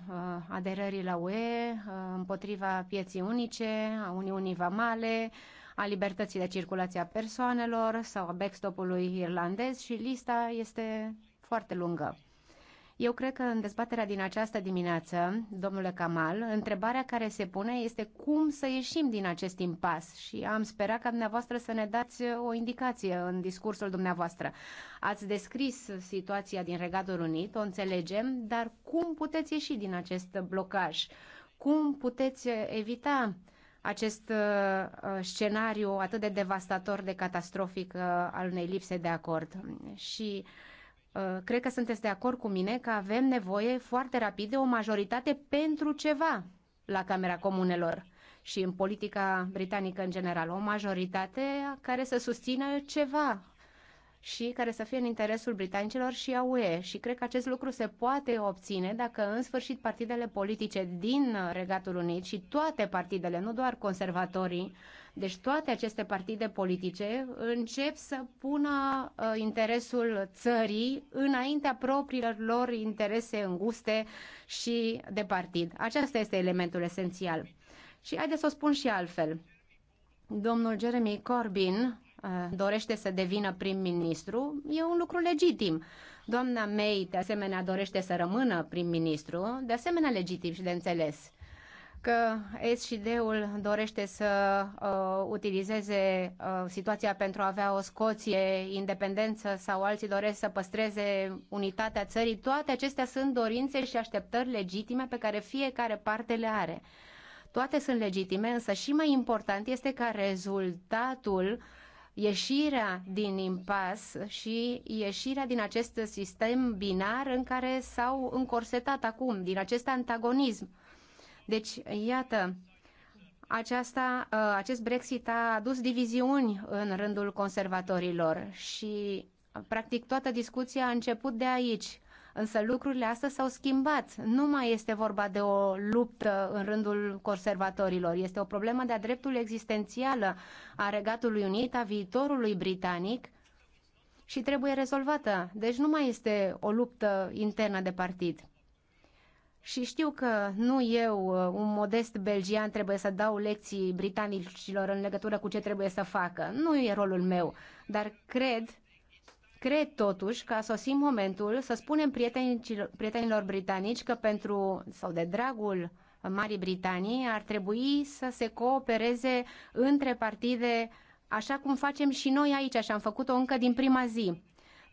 aderării la UE, împotriva pieții unice, a Uniunii Vamale, a libertății de circulație a persoanelor sau a backstop-ului irlandez și lista este foarte lungă. Eu cred că în dezbaterea din această dimineață, domnule Kamal, întrebarea care se pune este cum să ieșim din acest impas și am sperat ca dumneavoastră să ne dați o indicație în discursul dumneavoastră. Ați descris situația din Regatul Unit, o înțelegem, dar cum puteți ieși din acest blocaj? Cum puteți evita uh, acest uh, uh, scenariu atât de devastator, de catastrofic uh, al unei lipse de acord. Și cred că sunteți de acord cu mine că avem nevoie foarte rapid de o majoritate pentru ceva la Camera Comunelor și în politica britanică în general, o majoritate care să susțină ceva și care să fie în interesul britanicilor și a UE. Și cred că acest lucru se poate obține dacă în sfârșit partidele politice din Regatul Unit și toate partidele, nu doar conservatorii, deci toate aceste partide politice încep să pună uh, interesul țării înaintea propriilor lor interese înguste și de partid. Acesta este elementul esențial. Și haideți să o spun și altfel. Domnul Jeremy Corbyn Uh, dorește să devină prim-ministru, e un lucru legitim. Doamna May, de asemenea, dorește să rămână prim-ministru, de asemenea legitim și de înțeles că d ul dorește să uh, utilizeze uh, situația pentru a avea o Scoție independență sau alții doresc să păstreze unitatea țării, toate acestea sunt dorințe și așteptări legitime pe care fiecare parte le are. Toate sunt legitime, însă și mai important este ca rezultatul uh, ieșirea din impas și ieșirea din acest sistem binar în care s-au încorsetat acum, din acest antagonism. Deci, iată, aceasta, ă, acest Brexit a adus diviziuni în rândul conservatorilor și, practic, toată discuția a început de aici. Însă lucrurile astea s-au schimbat. Nu mai este vorba de o luptă în rândul conservatorilor. Este o problemă de-a dreptul existențială a Regatului Unit, a viitorului britanic și trebuie rezolvată. Deci nu mai este o luptă internă de partid. Și știu că nu eu, uh, un modest belgian, trebuie să dau lecții britanicilor în legătură cu ce trebuie să facă. Nu e rolul meu, dar cred Cred totuși că a sosit momentul să spunem prietenilor britanici că pentru sau de dragul Marii Britanii ar trebui să se coopereze între partide așa cum facem și noi aici și am făcut-o încă din prima zi.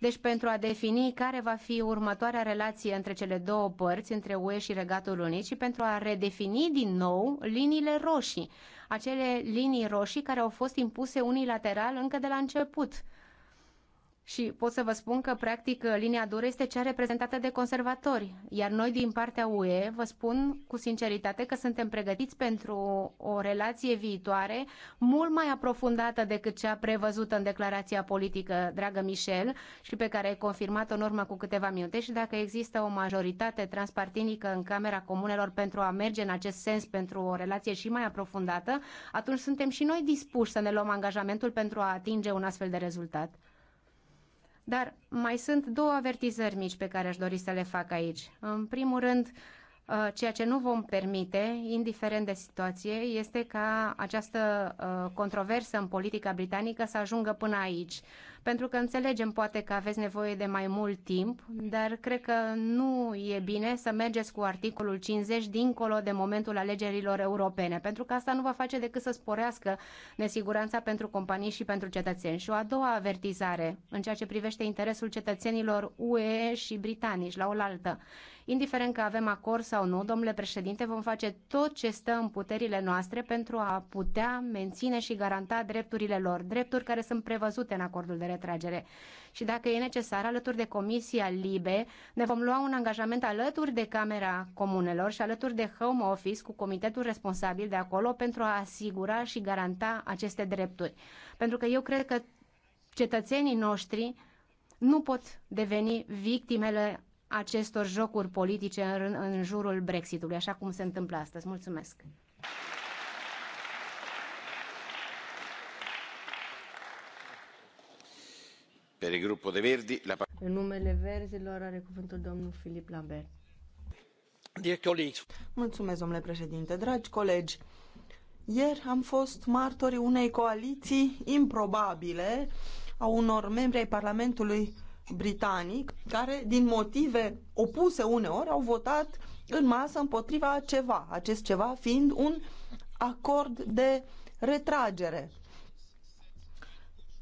Deci pentru a defini care va fi următoarea relație între cele două părți, între UE și Regatul Unit și pentru a redefini din nou liniile roșii, acele linii roșii care au fost impuse unilateral încă de la început și pot să vă spun că, practic, linia dură este cea reprezentată de conservatori. Iar noi, din partea UE, vă spun cu sinceritate că suntem pregătiți pentru o relație viitoare mult mai aprofundată decât cea prevăzută în declarația politică, dragă Michel, și pe care ai confirmat-o în urmă cu câteva minute. Și dacă există o majoritate transpartinică în Camera Comunelor pentru a merge în acest sens pentru o relație și mai aprofundată, atunci suntem și noi dispuși să ne luăm angajamentul pentru a atinge un astfel de rezultat. Dar mai sunt două avertizări mici pe care aș dori să le fac aici. În primul rând, uh, ceea ce nu vom permite, indiferent de situație, este ca această uh, controversă în politica britanică să ajungă până aici pentru că înțelegem poate că aveți nevoie de mai mult timp, dar cred că nu e bine să mergeți cu articolul 50 dincolo de momentul alegerilor europene, pentru că asta nu va face decât să sporească nesiguranța pentru companii și pentru cetățeni. Și o a doua avertizare în ceea ce privește interesul cetățenilor UE și britanici la oaltă. Indiferent că avem acord sau nu, domnule președinte, vom face tot ce stă în puterile noastre pentru a putea menține și garanta drepturile lor, drepturi care sunt prevăzute în acordul de retragere. Și dacă e necesar, alături de Comisia Libe, ne vom lua un angajament alături de Camera Comunelor și alături de Home Office cu comitetul responsabil de acolo pentru a asigura și garanta aceste drepturi. Pentru că eu cred că cetățenii noștri nu pot deveni victimele acestor jocuri politice în, în jurul Brexitului, așa cum se întâmplă astăzi. Mulțumesc! Per il gruppo de Verdi, la... În numele verzilor are cuvântul domnul Filip Lambert. Mulțumesc, domnule președinte. Dragi colegi, ieri am fost martorii unei coaliții improbabile a unor membri ai Parlamentului britanic care, din motive opuse uneori, au votat în masă împotriva ceva, acest ceva fiind un acord de retragere.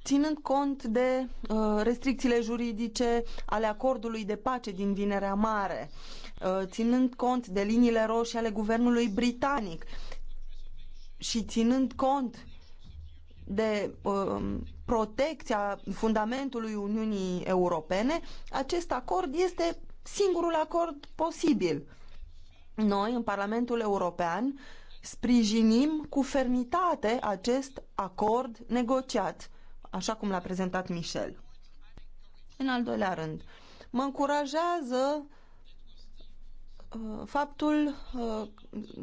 Ținând cont de uh, restricțiile juridice ale acordului de pace din Vinerea Mare, uh, ținând cont de liniile roșii ale guvernului britanic și ținând cont de um, protecția fundamentului Uniunii Europene, acest acord este singurul acord posibil. Noi, în Parlamentul European, sprijinim cu fermitate acest acord negociat, așa cum l-a prezentat Michel. În al doilea rând, mă încurajează uh, faptul uh,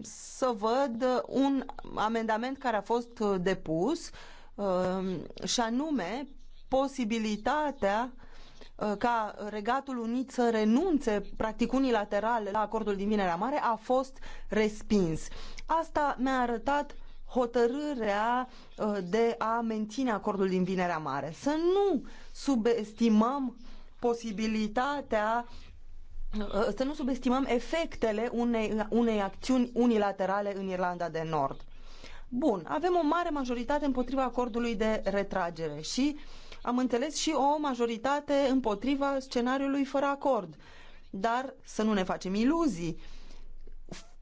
să văd un amendament care a fost uh, depus Um, și anume posibilitatea uh, ca Regatul Unit să renunțe practic unilateral la acordul din Vinerea Mare a fost respins. Asta mi-a arătat hotărârea uh, de a menține acordul din Vinerea Mare. Să nu subestimăm posibilitatea uh, să nu subestimăm efectele unei, unei acțiuni unilaterale în Irlanda de Nord. Bun, avem o mare majoritate împotriva acordului de retragere și am înțeles și o majoritate împotriva scenariului fără acord. Dar să nu ne facem iluzii.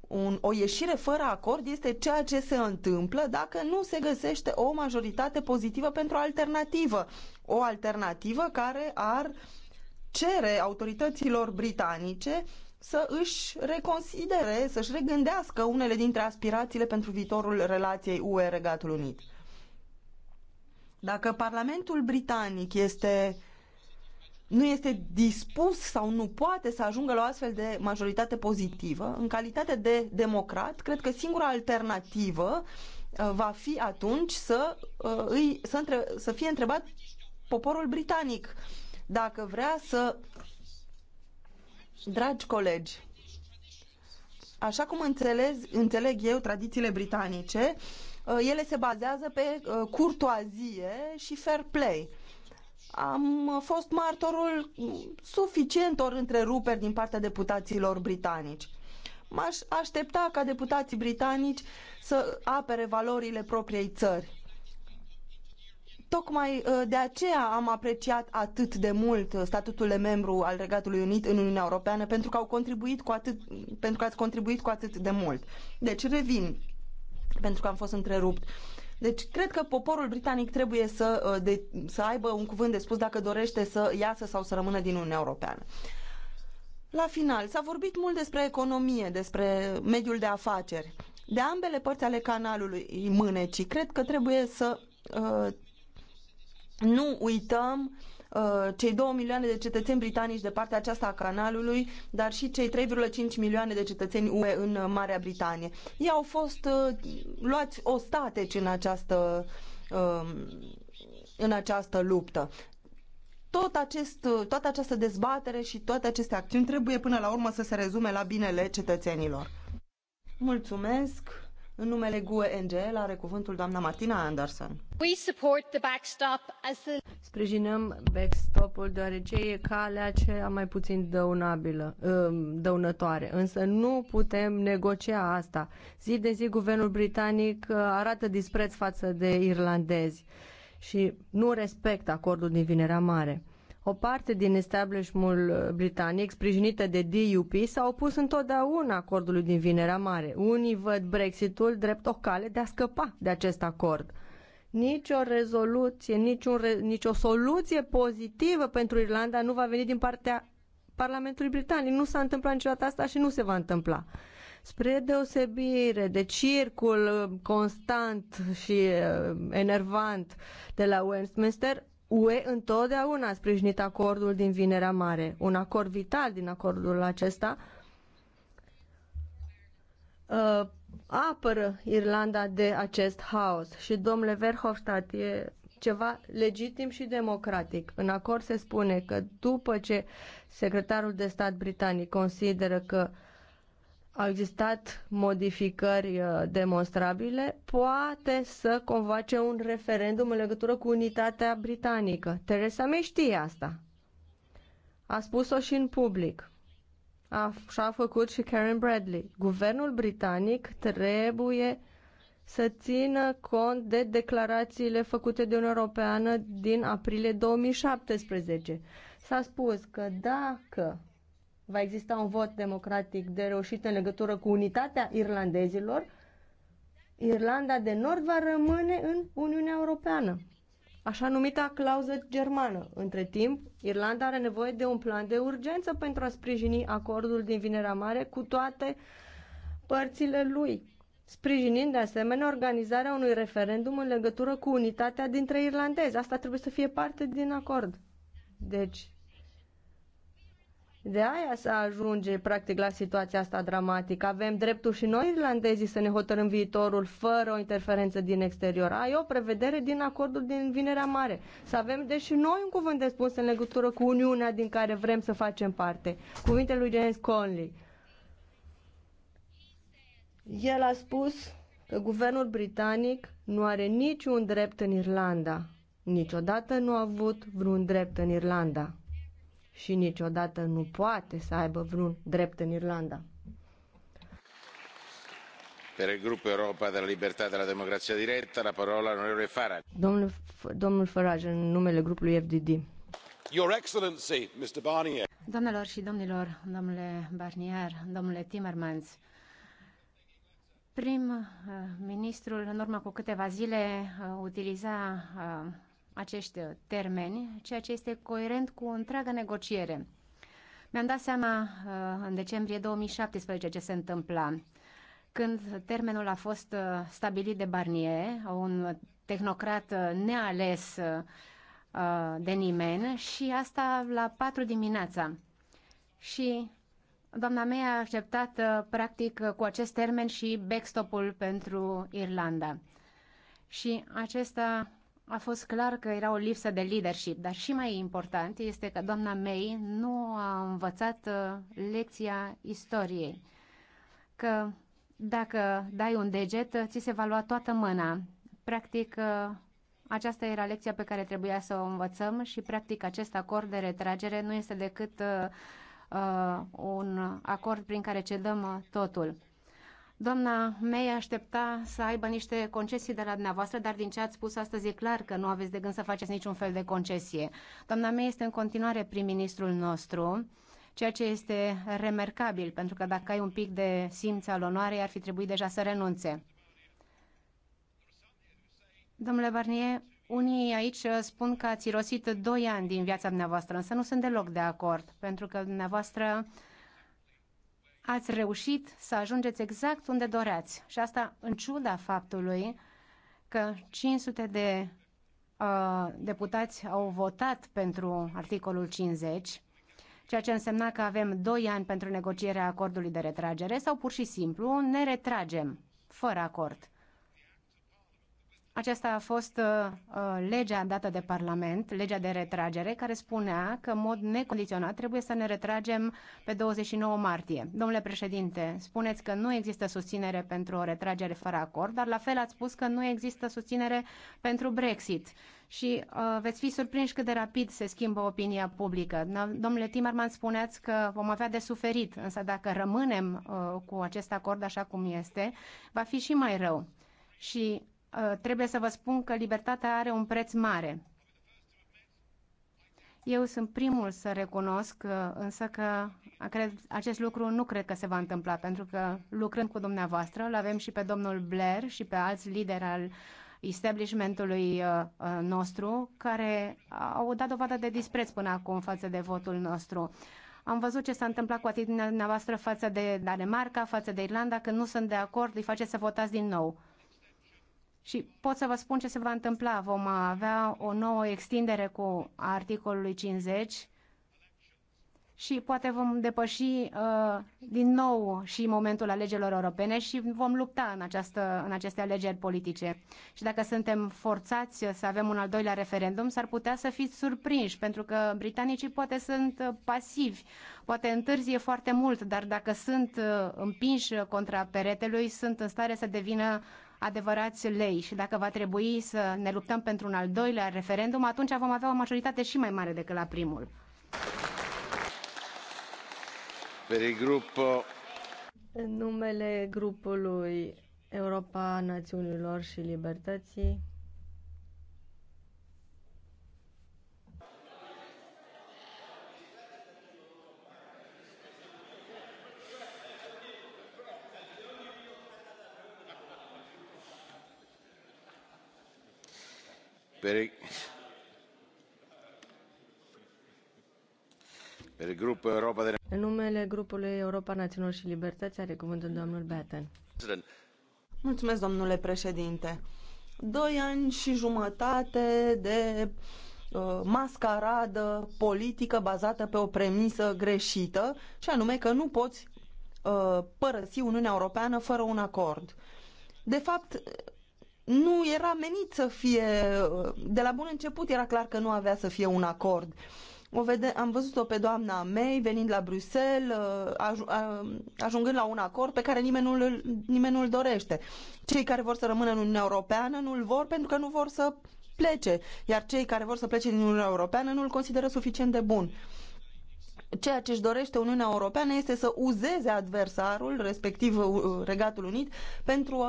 Un, o ieșire fără acord este ceea ce se întâmplă dacă nu se găsește o majoritate pozitivă pentru o alternativă. O alternativă care ar cere autorităților britanice să își reconsidere, să își regândească unele dintre aspirațiile pentru viitorul relației UE-Regatul Unit. Dacă Parlamentul Britanic este nu este dispus sau nu poate să ajungă la o astfel de majoritate pozitivă, în calitate de democrat, cred că singura alternativă uh, va fi atunci să, uh, îi, să, între, să fie întrebat poporul britanic dacă vrea să Dragi colegi, așa cum înțelez, înțeleg eu tradițiile britanice, uh, ele se bazează pe uh, curtoazie și fair play. Am fost martorul suficientor întreruperi din partea deputaților britanici. M-aș aștepta ca deputații britanici să apere valorile propriei țări Tocmai uh, de aceea am apreciat atât de mult uh, statutul de membru al Regatului Unit în Uniunea Europeană, pentru că, au contribuit cu atât, pentru că ați contribuit cu atât de mult. Deci revin, pentru că am fost întrerupt. Deci cred că poporul britanic trebuie să, uh, de, să aibă un cuvânt de spus dacă dorește să iasă sau să rămână din Uniunea Europeană. La final, s-a vorbit mult despre economie, despre mediul de afaceri. De ambele părți ale canalului mânecii, cred că trebuie să uh, nu uităm uh, cei 2 milioane de cetățeni britanici de partea aceasta a canalului, dar și cei 3,5 milioane de cetățeni UE în uh, Marea Britanie. Ei au fost uh, luați ostateci în această, um, în această luptă. Tot acest, toată această dezbatere și toate aceste acțiuni trebuie până la urmă să se rezume la binele cetățenilor. Mulțumesc! În numele GUE NGL are cuvântul doamna Martina Anderson. We support the backstop as the... Sprijinăm backstop-ul deoarece e calea cea mai puțin dăunabilă, ă, dăunătoare, însă nu putem negocia asta. Zi de zi guvernul britanic ă, arată dispreț față de irlandezi și nu respectă acordul din Vinerea Mare. O parte din establishmentul uh, britanic, sprijinită de DUP, s-a opus întotdeauna acordului din Vinerea Mare. Unii văd Brexitul drept o cale de a scăpa de acest acord. Nici o rezoluție, nici, un re, nici o soluție pozitivă pentru Irlanda nu va veni din partea Parlamentului Britanic. Nu s-a întâmplat niciodată asta și nu se va întâmpla spre deosebire de circul uh, constant și uh, enervant de la Westminster, UE întotdeauna a sprijinit acordul din Vinerea Mare, un acord vital din acordul acesta uh, apără Irlanda de acest haos și domnule Verhofstadt e ceva legitim și democratic. În acord se spune că după ce secretarul de stat britanic consideră că uh, au existat modificări uh, demonstrabile, poate să convoace un referendum în legătură cu unitatea britanică. Teresa May știe asta. A spus-o și în public. Așa a făcut și Karen Bradley. Guvernul britanic trebuie să țină cont de declarațiile făcute de Uniunea Europeană din aprilie 2017. S-a spus că dacă va exista un vot democratic de reușită în legătură cu unitatea irlandezilor, Irlanda de Nord va rămâne în Uniunea Europeană, așa numita clauză germană. Între timp, Irlanda are nevoie de un plan de urgență pentru a sprijini acordul din Vinerea Mare cu toate părțile lui, sprijinind de asemenea organizarea unui referendum în legătură cu unitatea dintre irlandezi. Asta trebuie să fie parte din acord. Deci, de aia se ajunge practic la situația asta dramatică. Avem dreptul și noi irlandezii să ne hotărâm viitorul fără o interferență din exterior. Ai o prevedere din acordul din Vinerea Mare. Să avem deși deci, noi un cuvânt de spus în legătură cu Uniunea din care vrem să facem parte. Cuvintele lui James Conley. El a spus că guvernul britanic nu are niciun drept în Irlanda. Niciodată nu a avut vreun drept în Irlanda și niciodată nu poate să aibă vreun drept în Irlanda. Pentru grupul Europa, de la libertate, de la democrația directă, la parola all'onorevole Farage. Domnul, domnul Farage, în numele grupului FDD. Your Excellency, Mr. Barnier. Domnilor și domnilor, domnule Barnier, domnule Timmermans, prim-ministrul uh, în urmă cu câteva zile uh, utiliza uh, acești uh, termeni, ceea ce este coerent cu o întreagă negociere. Mi-am dat seama uh, în decembrie 2017 ce se întâmpla, când termenul a fost uh, stabilit de Barnier, un tehnocrat neales de nimeni și asta la 4 dimineața. Și doamna mea a acceptat practic cu acest termen și backstop-ul pentru Irlanda. Și acesta a fost clar că era o lipsă de leadership, dar și mai important este că doamna May nu a învățat uh, lecția istoriei, că dacă dai un deget, uh, ți se va lua toată mâna. Practic, uh, aceasta era lecția pe care trebuia să o învățăm și, practic, acest acord de retragere nu este decât uh, un acord prin care cedăm totul. Doamna May aștepta să aibă niște concesii de la dumneavoastră, dar din ce ați spus astăzi e clar că nu aveți de gând să faceți niciun fel de concesie. Doamna May este în continuare prim-ministrul nostru ceea ce este remarcabil, pentru că dacă ai un pic de simț al onoarei, ar fi trebuit deja să renunțe. Domnule Barnier, unii aici spun că ați irosit doi ani din viața dumneavoastră, însă nu sunt deloc de acord, pentru că dumneavoastră ați reușit să ajungeți exact unde doreați. Și asta în ciuda faptului că 500 de uh, deputați au votat pentru articolul 50, ceea ce însemna că avem 2 ani pentru negocierea acordului de retragere sau pur și simplu ne retragem fără acord. Aceasta a fost uh, uh, legea dată de Parlament, legea de retragere, care spunea că în mod necondiționat trebuie să ne retragem pe 29 martie. Domnule președinte, spuneți că nu există susținere pentru o retragere fără acord, dar la fel ați spus că nu există susținere pentru Brexit. Și uh, veți fi surprinși cât de rapid se schimbă opinia publică. Domnule Timerman, spuneați că vom avea de suferit, însă dacă rămânem uh, cu acest acord așa cum este, va fi și mai rău. Și Uh, trebuie să vă spun că libertatea are un preț mare. Eu sunt primul să recunosc, uh, însă că cred, acest lucru nu cred că se va întâmpla, pentru că lucrând cu dumneavoastră, îl avem și pe domnul Blair și pe alți lideri al establishmentului uh, nostru, care au dat dovadă de dispreț până acum față de votul nostru. Am văzut ce s-a întâmplat cu atitudinea noastră față de Danemarca, față de Irlanda, când nu sunt de acord, îi face să votați din nou. Și pot să vă spun ce se va întâmpla. Vom avea o nouă extindere cu articolului 50 și poate vom depăși uh, din nou și momentul alegerilor europene și vom lupta în, această, în aceste alegeri politice. Și dacă suntem forțați să avem un al doilea referendum, s-ar putea să fiți surprinși, pentru că britanicii poate sunt pasivi, poate întârzie foarte mult, dar dacă sunt uh, împinși contra peretelui, sunt în stare să devină adevărați lei și dacă va trebui să ne luptăm pentru un al doilea referendum, atunci vom avea o majoritate și mai mare decât la primul. Gruppo... În numele grupului Europa Națiunilor și Libertății, În numele grupului Europa Națiunilor și Libertăți are cuvântul domnul Batten. Mulțumesc, domnule președinte. Doi ani și jumătate de uh, mascaradă politică bazată pe o premisă greșită, și anume că nu poți uh, părăsi Uniunea Europeană fără un acord. De fapt, nu era menit să fie, de la bun început era clar că nu avea să fie un acord. O vede, am văzut-o pe doamna mei venind la Bruxelles, ă, aj, ă, ajungând la un acord pe care nimeni nu-l, nimeni nu-l dorește. Cei care vor să rămână în Uniunea Europeană nu-l vor pentru că nu vor să plece, iar cei care vor să plece din Uniunea Europeană nu-l consideră suficient de bun. Uh, ceea ce își dorește Uniunea Europeană este să uzeze adversarul, respectiv uh, Regatul Unit, pentru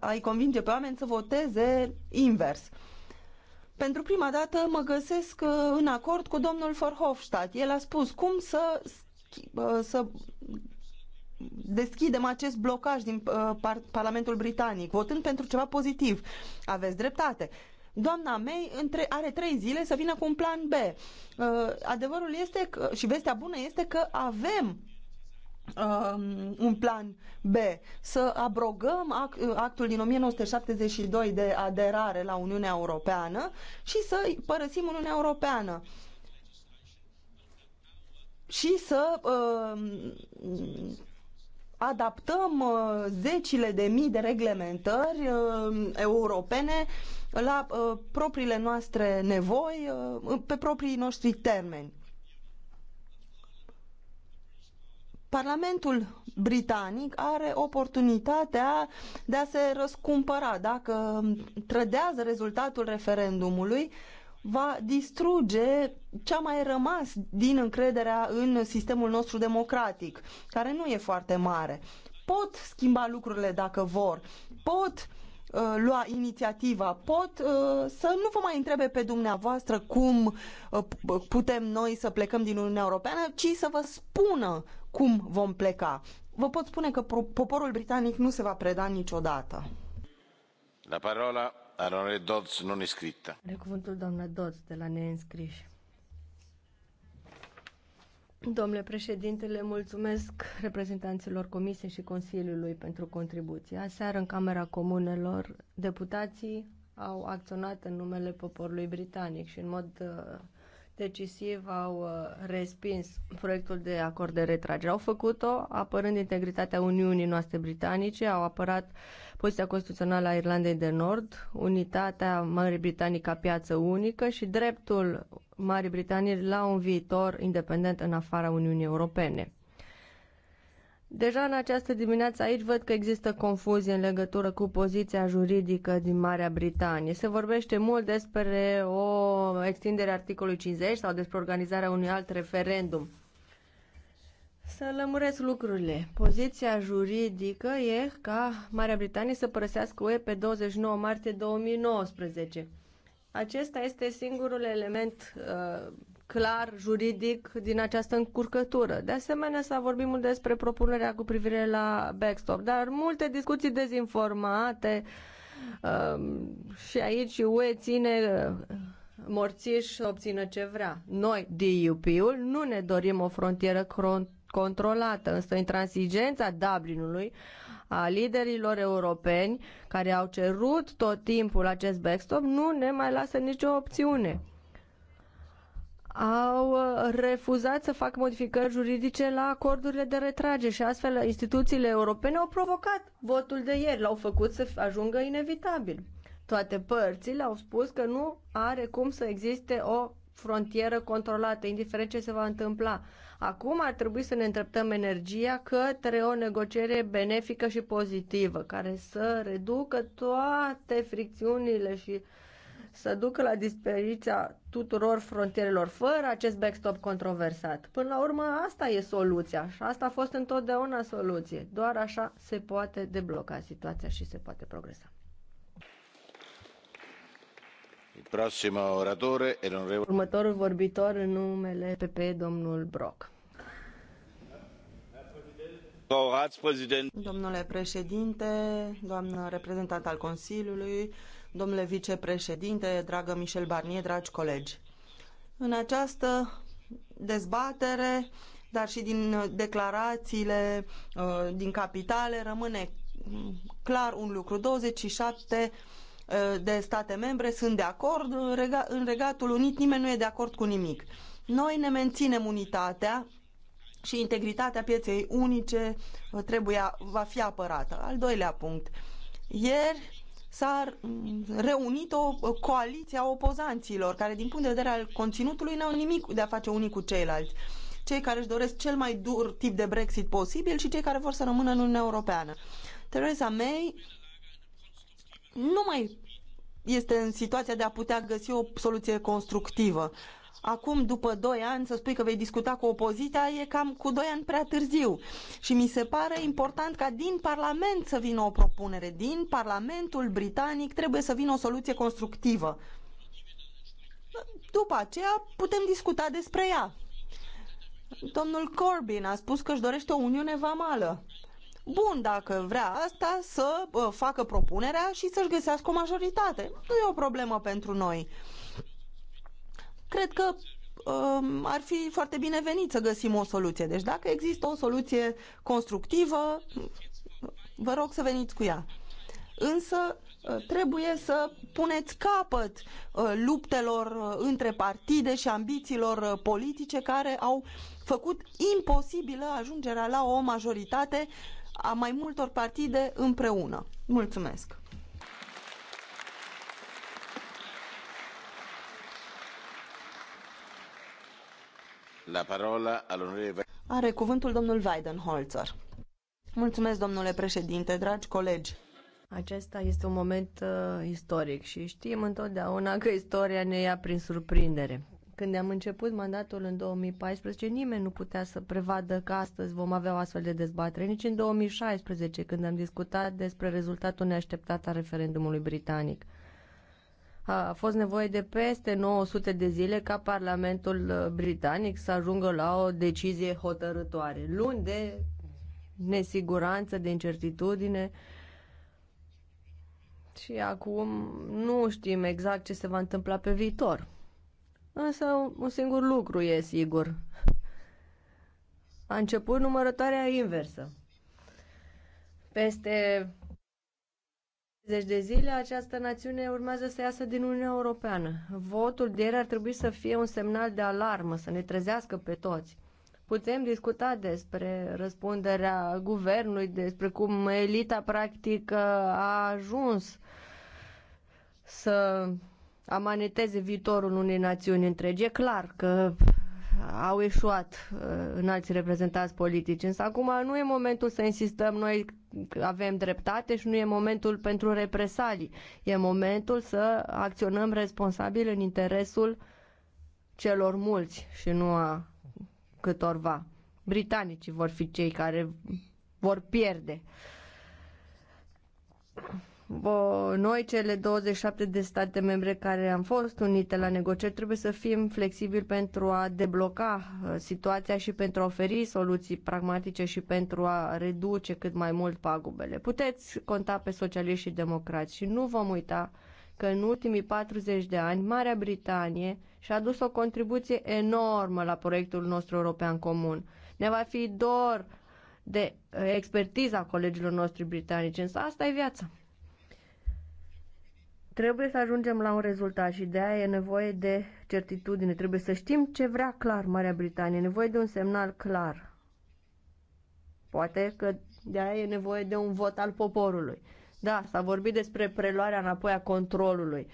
a-i convinge pe oameni să voteze invers. Pentru prima dată mă găsesc uh, în acord cu domnul Verhofstadt. El a spus cum să, uh, să deschidem acest blocaj din Parlamentul Britanic, votând pentru ceva pozitiv. Aveți dreptate doamna May între, are trei zile să vină cu un plan B. Uh, adevărul este că, și vestea bună este că avem um, un plan B, să abrogăm act, actul din 1972 de aderare la Uniunea Europeană și să părăsim Uniunea Europeană și să uh, adaptăm uh, zecile de mii de reglementări uh, europene la uh, propriile noastre nevoi, pe proprii noștri termeni. Parlamentul britanic are oportunitatea de a se răscumpăra dacă trădează rezultatul referendumului uh, va distruge cea mai rămas din încrederea în sistemul nostru democratic, care nu e foarte mare. Pot schimba lucrurile dacă vor, pot uh, lua inițiativa, pot uh, să nu vă mai întrebe pe dumneavoastră cum uh, putem noi să plecăm din Uniunea Europeană, ci să vă spună cum vom pleca. Vă pot spune că poporul britanic nu se va preda niciodată. La parola Onorevole Dodds, non iscritta. De cuvântul doamna Dodds, de la neînscriși. Domnule președinte, le mulțumesc reprezentanților Comisiei și Consiliului pentru contribuție. Aseară, în Camera Comunelor, deputații au acționat în numele poporului britanic și în mod uh, decisiv au uh, respins proiectul de acord de retragere. Au făcut-o apărând integritatea Uniunii noastre britanice, au apărat poziția constituțională a Irlandei de Nord, unitatea Marii Britanii ca piață unică și dreptul Marii Britanii la un viitor independent în afara Uniunii Europene. Deja în această dimineață aici văd că există confuzie în legătură cu poziția juridică din Marea Britanie. Se vorbește mult despre o extindere a articolului 50 sau despre organizarea unui alt referendum. Să lămuresc lucrurile. Poziția juridică e ca Marea Britanie să părăsească UE pe 29 martie 2019. Acesta este singurul element uh, clar juridic din această încurcătură. De asemenea, s-a vorbit mult despre propunerea cu privire la backstop, dar multe discuții dezinformate um, și aici UE ține uh, morțiș să obțină ce vrea. Noi, DUP-ul, nu ne dorim o frontieră controlată, însă intransigența Dublinului a liderilor europeni care au cerut tot timpul acest backstop nu ne mai lasă nicio opțiune au uh, refuzat să facă modificări juridice la acordurile de retrage și astfel instituțiile europene au provocat votul de ieri, l-au făcut să ajungă inevitabil. Toate părțile au spus că nu are cum să existe o frontieră controlată, indiferent ce se va întâmpla. Acum ar trebui să ne întreptăm energia către o negociere benefică și pozitivă, care să reducă toate fricțiunile și uh, să ducă la dispariția tuturor frontierelor fără acest backstop controversat. Până la urmă, asta e soluția și asta a fost întotdeauna soluție. Doar așa se poate debloca situația și se poate progresa. Următorul vorbitor în numele PP, domnul Brock. Domnule președinte, doamnă reprezentant al Consiliului, domnule vicepreședinte, dragă Michel Barnier, dragi colegi. În această dezbatere, dar și din uh, declarațiile uh, din capitale, rămâne mm, clar un lucru. 27 uh, de state membre sunt de acord, în Regatul Unit nimeni nu e de acord cu nimic. Noi ne menținem unitatea și integritatea pieței unice trebuie, va fi apărată. Al doilea punct. Ieri s-a mm, reunit o coaliție a opozanților, care din punct de vedere al conținutului n-au nimic de a face unii cu ceilalți. Cei care își doresc cel mai dur tip de Brexit posibil și cei care vor să rămână în Uniunea Europeană. Theresa May nu mai este în situația de a putea găsi o soluție constructivă acum, după 2 ani, să spui că vei discuta cu opoziția, e cam cu 2 ani prea târziu. Și mi se pare important ca din Parlament să vină o propunere. Din Parlamentul Britanic trebuie să vină o soluție constructivă. După aceea putem discuta despre ea. Domnul Corbyn a spus că își dorește o uniune vamală. Bun, dacă vrea asta, să facă propunerea și să-și găsească o majoritate. Nu e o problemă pentru noi cred că um, ar fi foarte binevenit să găsim o soluție. Deci dacă există o soluție constructivă, vă rog să veniți cu ea. Însă uh, trebuie să puneți capăt uh, luptelor uh, între partide și ambițiilor politice care au făcut imposibilă ajungerea la o majoritate a mai multor partide împreună. Mulțumesc! La parola Are cuvântul domnul Weidenholzer. Mulțumesc, domnule președinte, dragi colegi. Acesta este un moment uh, istoric și știm întotdeauna că istoria ne ia prin surprindere. Când am început mandatul în 2014, nimeni nu putea să prevadă că astăzi vom avea o astfel de dezbatere, nici în 2016, când am discutat despre rezultatul neașteptat al referendumului britanic a fost nevoie de peste 900 de zile ca Parlamentul uh, Britanic să ajungă la o decizie hotărătoare. Luni de nesiguranță, de incertitudine și acum nu știm exact ce se va întâmpla pe viitor. Însă un singur lucru e sigur. A început numărătoarea inversă. Peste 30 de zile această națiune urmează să iasă din Uniunea Europeană. Votul de ieri ar trebui să fie un semnal de alarmă, să ne trezească pe toți. Putem discuta despre răspunderea guvernului, despre cum elita practică a ajuns să amaneteze viitorul unei națiuni întregi. E clar că au eșuat uh, în alți reprezentanți politici. Însă acum nu e momentul să insistăm noi că avem dreptate și nu e momentul pentru represalii. E momentul să acționăm responsabil în interesul celor mulți și nu a câtorva. Britanicii vor fi cei care vor pierde noi, cele 27 de state membre care am fost unite la negocieri, trebuie să fim flexibili pentru a debloca uh, situația și pentru a oferi soluții pragmatice și pentru a reduce cât mai mult pagubele. Puteți conta pe socialiști și democrați și nu vom uita că în ultimii 40 de ani Marea Britanie și-a dus o contribuție enormă la proiectul nostru european comun. Ne va fi dor de uh, expertiza colegilor noștri britanici, însă asta e viața. Trebuie să ajungem la un rezultat și de aia e nevoie de certitudine. Trebuie să știm ce vrea clar Marea Britanie. E nevoie de un semnal clar. Poate că de aia e nevoie de un vot al poporului. Da, s-a vorbit despre preluarea înapoi a controlului.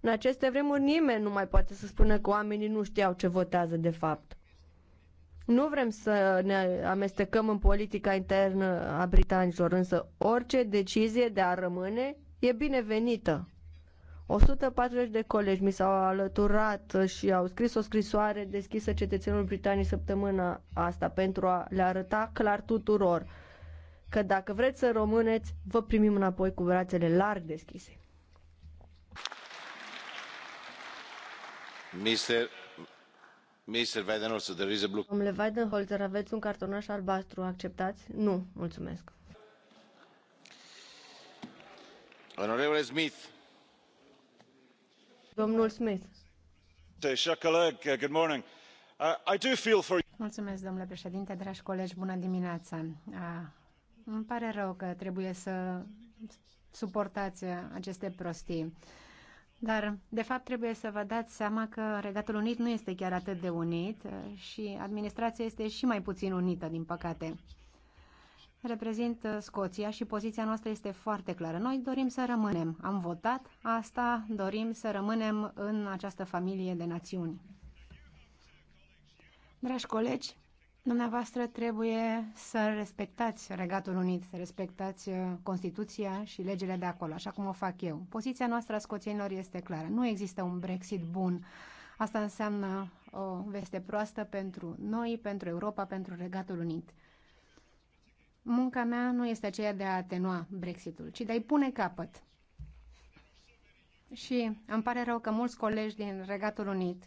În aceste vremuri nimeni nu mai poate să spună că oamenii nu știau ce votează de fapt. Nu vrem să ne amestecăm în politica internă a britanilor, însă orice decizie de a rămâne e binevenită. 140 de colegi mi s-au alăturat și au scris o scrisoare deschisă cetățenilor britanii săptămâna asta pentru a le arăta clar tuturor că dacă vreți să rămâneți, vă primim înapoi cu brațele larg deschise. Mister... Mister Weidenholzer, there is a blue... Domnule Weidenholzer, aveți un cartonaș albastru, acceptați? Nu, mulțumesc. Onorevole Smith. Smith. domnule președinte, dragi colegi, bună dimineața. Uh, îmi pare rău că trebuie să suportați uh, aceste prostii. Dar, de fapt, trebuie să vă dați seama că Regatul Unit nu este chiar atât de unit uh, și administrația este și mai puțin unită, din păcate reprezint uh, Scoția și poziția noastră este foarte clară. Noi dorim să rămânem. Am votat asta, dorim să rămânem în această familie de națiuni. Dragi colegi, dumneavoastră trebuie să respectați Regatul Unit, să respectați uh, Constituția și legile de acolo, așa cum o fac eu. Poziția noastră a scoțienilor este clară. Nu există un Brexit bun. Asta înseamnă o veste proastă pentru noi, pentru Europa, pentru Regatul Unit. Munca mea nu este aceea de a atenua Brexitul, ci de a-i pune capăt. Și îmi pare rău că mulți colegi din Regatul Unit,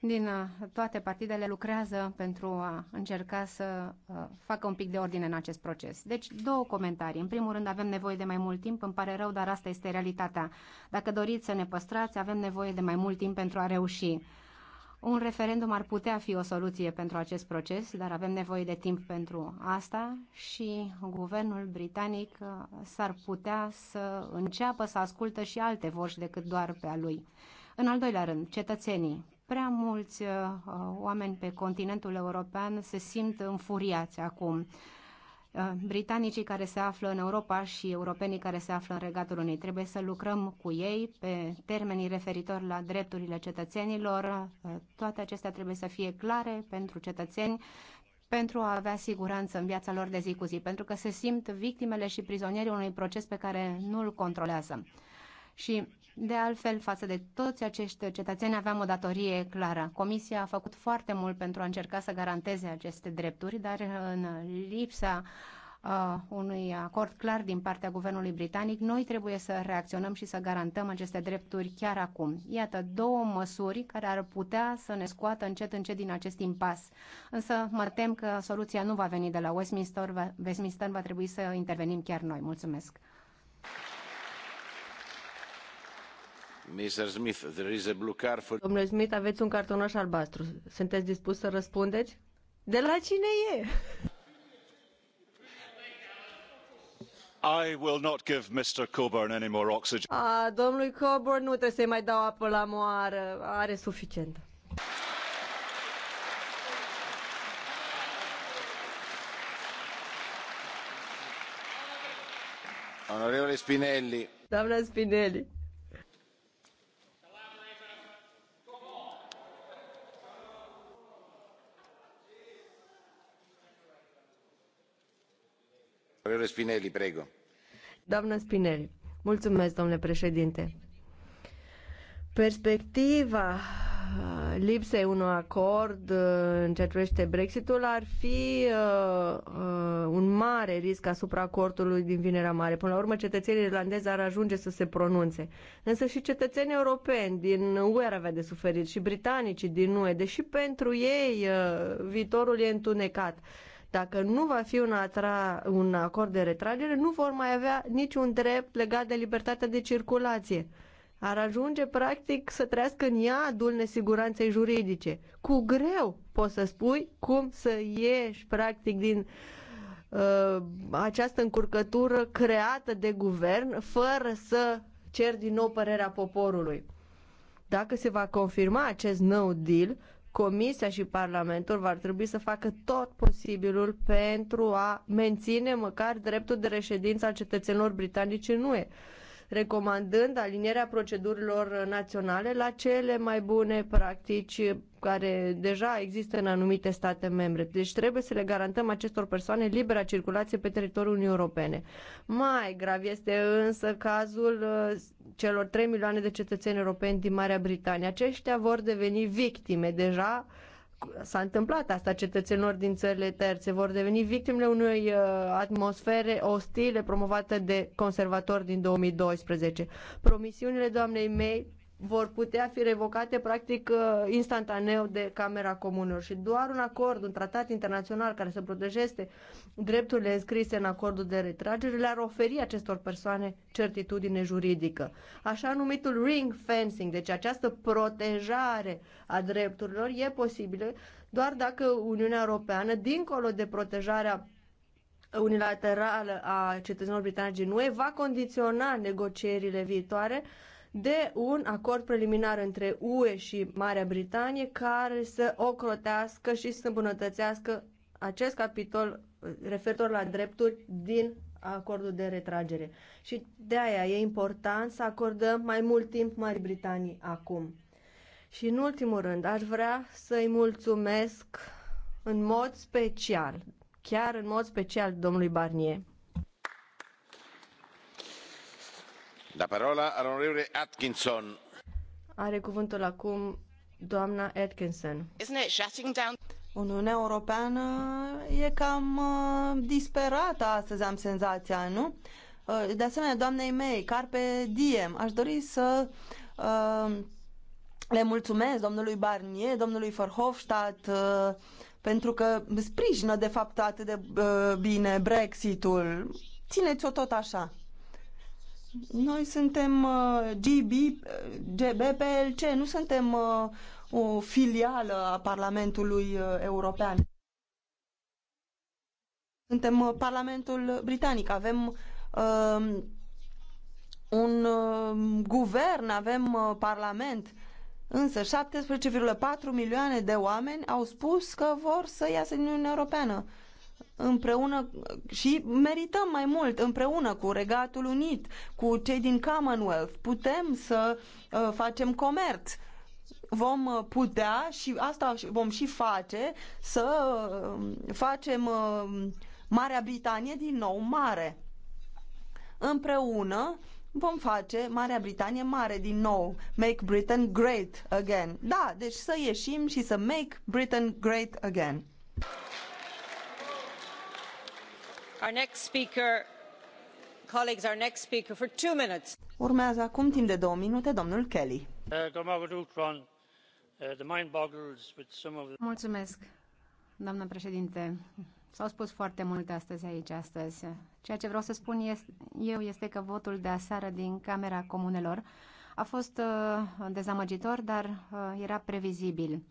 din uh, toate partidele, lucrează pentru a încerca să uh, facă un pic de ordine în acest proces. Deci, două comentarii. În primul rând, avem nevoie de mai mult timp, îmi pare rău, dar asta este realitatea. Dacă doriți să ne păstrați, avem nevoie de mai mult timp pentru a reuși. Un referendum ar putea fi o soluție pentru acest proces, dar avem nevoie de timp pentru asta și guvernul britanic uh, s-ar putea să înceapă să ascultă și alte voci decât doar pe a lui. În al doilea rând, cetățenii. Prea mulți uh, oameni pe continentul european se simt înfuriați acum. Uh, Uh, britanicii care se află în Europa și europenii care se află în Regatul Unit. Trebuie să lucrăm cu ei pe termenii referitor la drepturile cetățenilor. Uh, toate acestea trebuie să fie clare pentru cetățeni pentru a avea siguranță în viața lor de zi cu zi, pentru că se simt victimele și prizonierii unui proces pe care nu îl controlează. Și de altfel, față de toți acești cetățeni aveam o datorie clară. Comisia a făcut foarte mult pentru a încerca să garanteze aceste drepturi, dar în lipsa uh, unui acord clar din partea guvernului britanic, noi trebuie să reacționăm și să garantăm aceste drepturi chiar acum. Iată două măsuri care ar putea să ne scoată încet încet din acest impas. Însă mă tem că soluția nu va veni de la Westminster, va, Westminster va trebui să intervenim chiar noi. Mulțumesc! Mr. Smith, there is a blue card for... Domnule Smith, aveți un cartonaș albastru. Sunteți dispus să răspundeți? De la cine e? I will not give Mr. Coburn any more oxygen. A, domnului Coburn nu trebuie să-i mai dau apă la moară. Are suficient. Onorevole Spinelli. Doamna Spinelli. Doamnă Spinelli, domnule președinte. Perspectiva uh, lipsei unui acord uh, în ceea ce privește Brexitul ar fi uh, uh, un mare risc asupra acordului din Vinerea Mare. Până la urmă, cetățenii irlandezi ar ajunge să se pronunțe. Însă și cetățenii europeni din UE ar avea de suferit și britanicii din UE, deși pentru ei uh, viitorul e întunecat. Uh, dacă nu va fi un, atra, un acord de retragere, nu vor mai avea niciun drept legat de libertatea de circulație. Ar ajunge, practic, să trăiască în iadul nesiguranței juridice. Cu greu poți să spui cum să ieși, practic, din uh, această încurcătură creată de guvern fără să cer din nou părerea poporului. Dacă se va confirma acest no deal, Comisia și Parlamentul vor trebui să facă tot posibilul pentru a menține măcar dreptul de reședință al cetățenilor britanici în UE recomandând alinierea procedurilor naționale la cele mai bune practici care deja există în anumite state membre. Deci trebuie să le garantăm acestor persoane libera circulație pe teritoriul Uniunii Europene. Mai grav este însă cazul uh, celor 3 milioane de cetățeni europeni din Marea Britanie. Aceștia vor deveni victime deja s-a întâmplat asta cetățenilor din țările terțe. Vor deveni victimele unei uh, atmosfere ostile promovate de conservatori din 2012. Promisiunile doamnei May vor putea fi revocate practic uh, instantaneu de Camera Comunilor și doar un acord, un tratat internațional care să protejeze drepturile înscrise în acordul de retragere le-ar oferi acestor persoane certitudine juridică. Așa numitul ring fencing, deci această protejare a drepturilor e posibilă doar dacă Uniunea Europeană, dincolo de protejarea unilaterală a cetățenilor britanici din UE, va condiționa negocierile viitoare de un acord preliminar între UE și Marea Britanie care să ocrotească și să îmbunătățească acest capitol referitor la drepturi din acordul de retragere. Și de aia e important să acordăm mai mult timp Marii Britanii acum. Și în ultimul rând, aș vrea să-i mulțumesc în mod special, chiar în mod special domnului Barnier La parola all'onorevole Atkinson. Are cuvântul acum doamna Atkinson. Uniunea Europeană e cam uh, disperată astăzi, am senzația, nu? Uh, de asemenea, doamnei mei, Carpe Diem, aș dori să uh, le mulțumesc domnului Barnier, domnului Verhofstadt, uh, pentru că sprijină, de fapt, atât de uh, bine Brexitul. Țineți-o tot așa. Noi suntem uh, GB, uh, GBPLC, nu suntem uh, o filială a Parlamentului European. Suntem Parlamentul Britanic, avem uh, un uh, guvern, avem uh, Parlament, însă 17,4 milioane de oameni au spus că vor să iasă din Uniunea Europeană. Uh, împreună și merităm mai mult împreună cu Regatul Unit, cu cei din Commonwealth. Putem să uh, facem comerț. Vom uh, putea și asta vom și face să uh, facem uh, Marea Britanie din nou mare. Împreună vom face Marea Britanie mare din nou. Make Britain great again. Da, deci să ieșim și să make Britain great again. Urmează acum timp de două minute domnul Kelly. Uh, uh, Mulțumesc, doamnă președinte. S-au spus foarte multe astăzi aici, astăzi. Ceea ce vreau să spun eu este că votul de aseară din Camera Comunelor a fost uh, dezamăgitor, dar uh, era previzibil.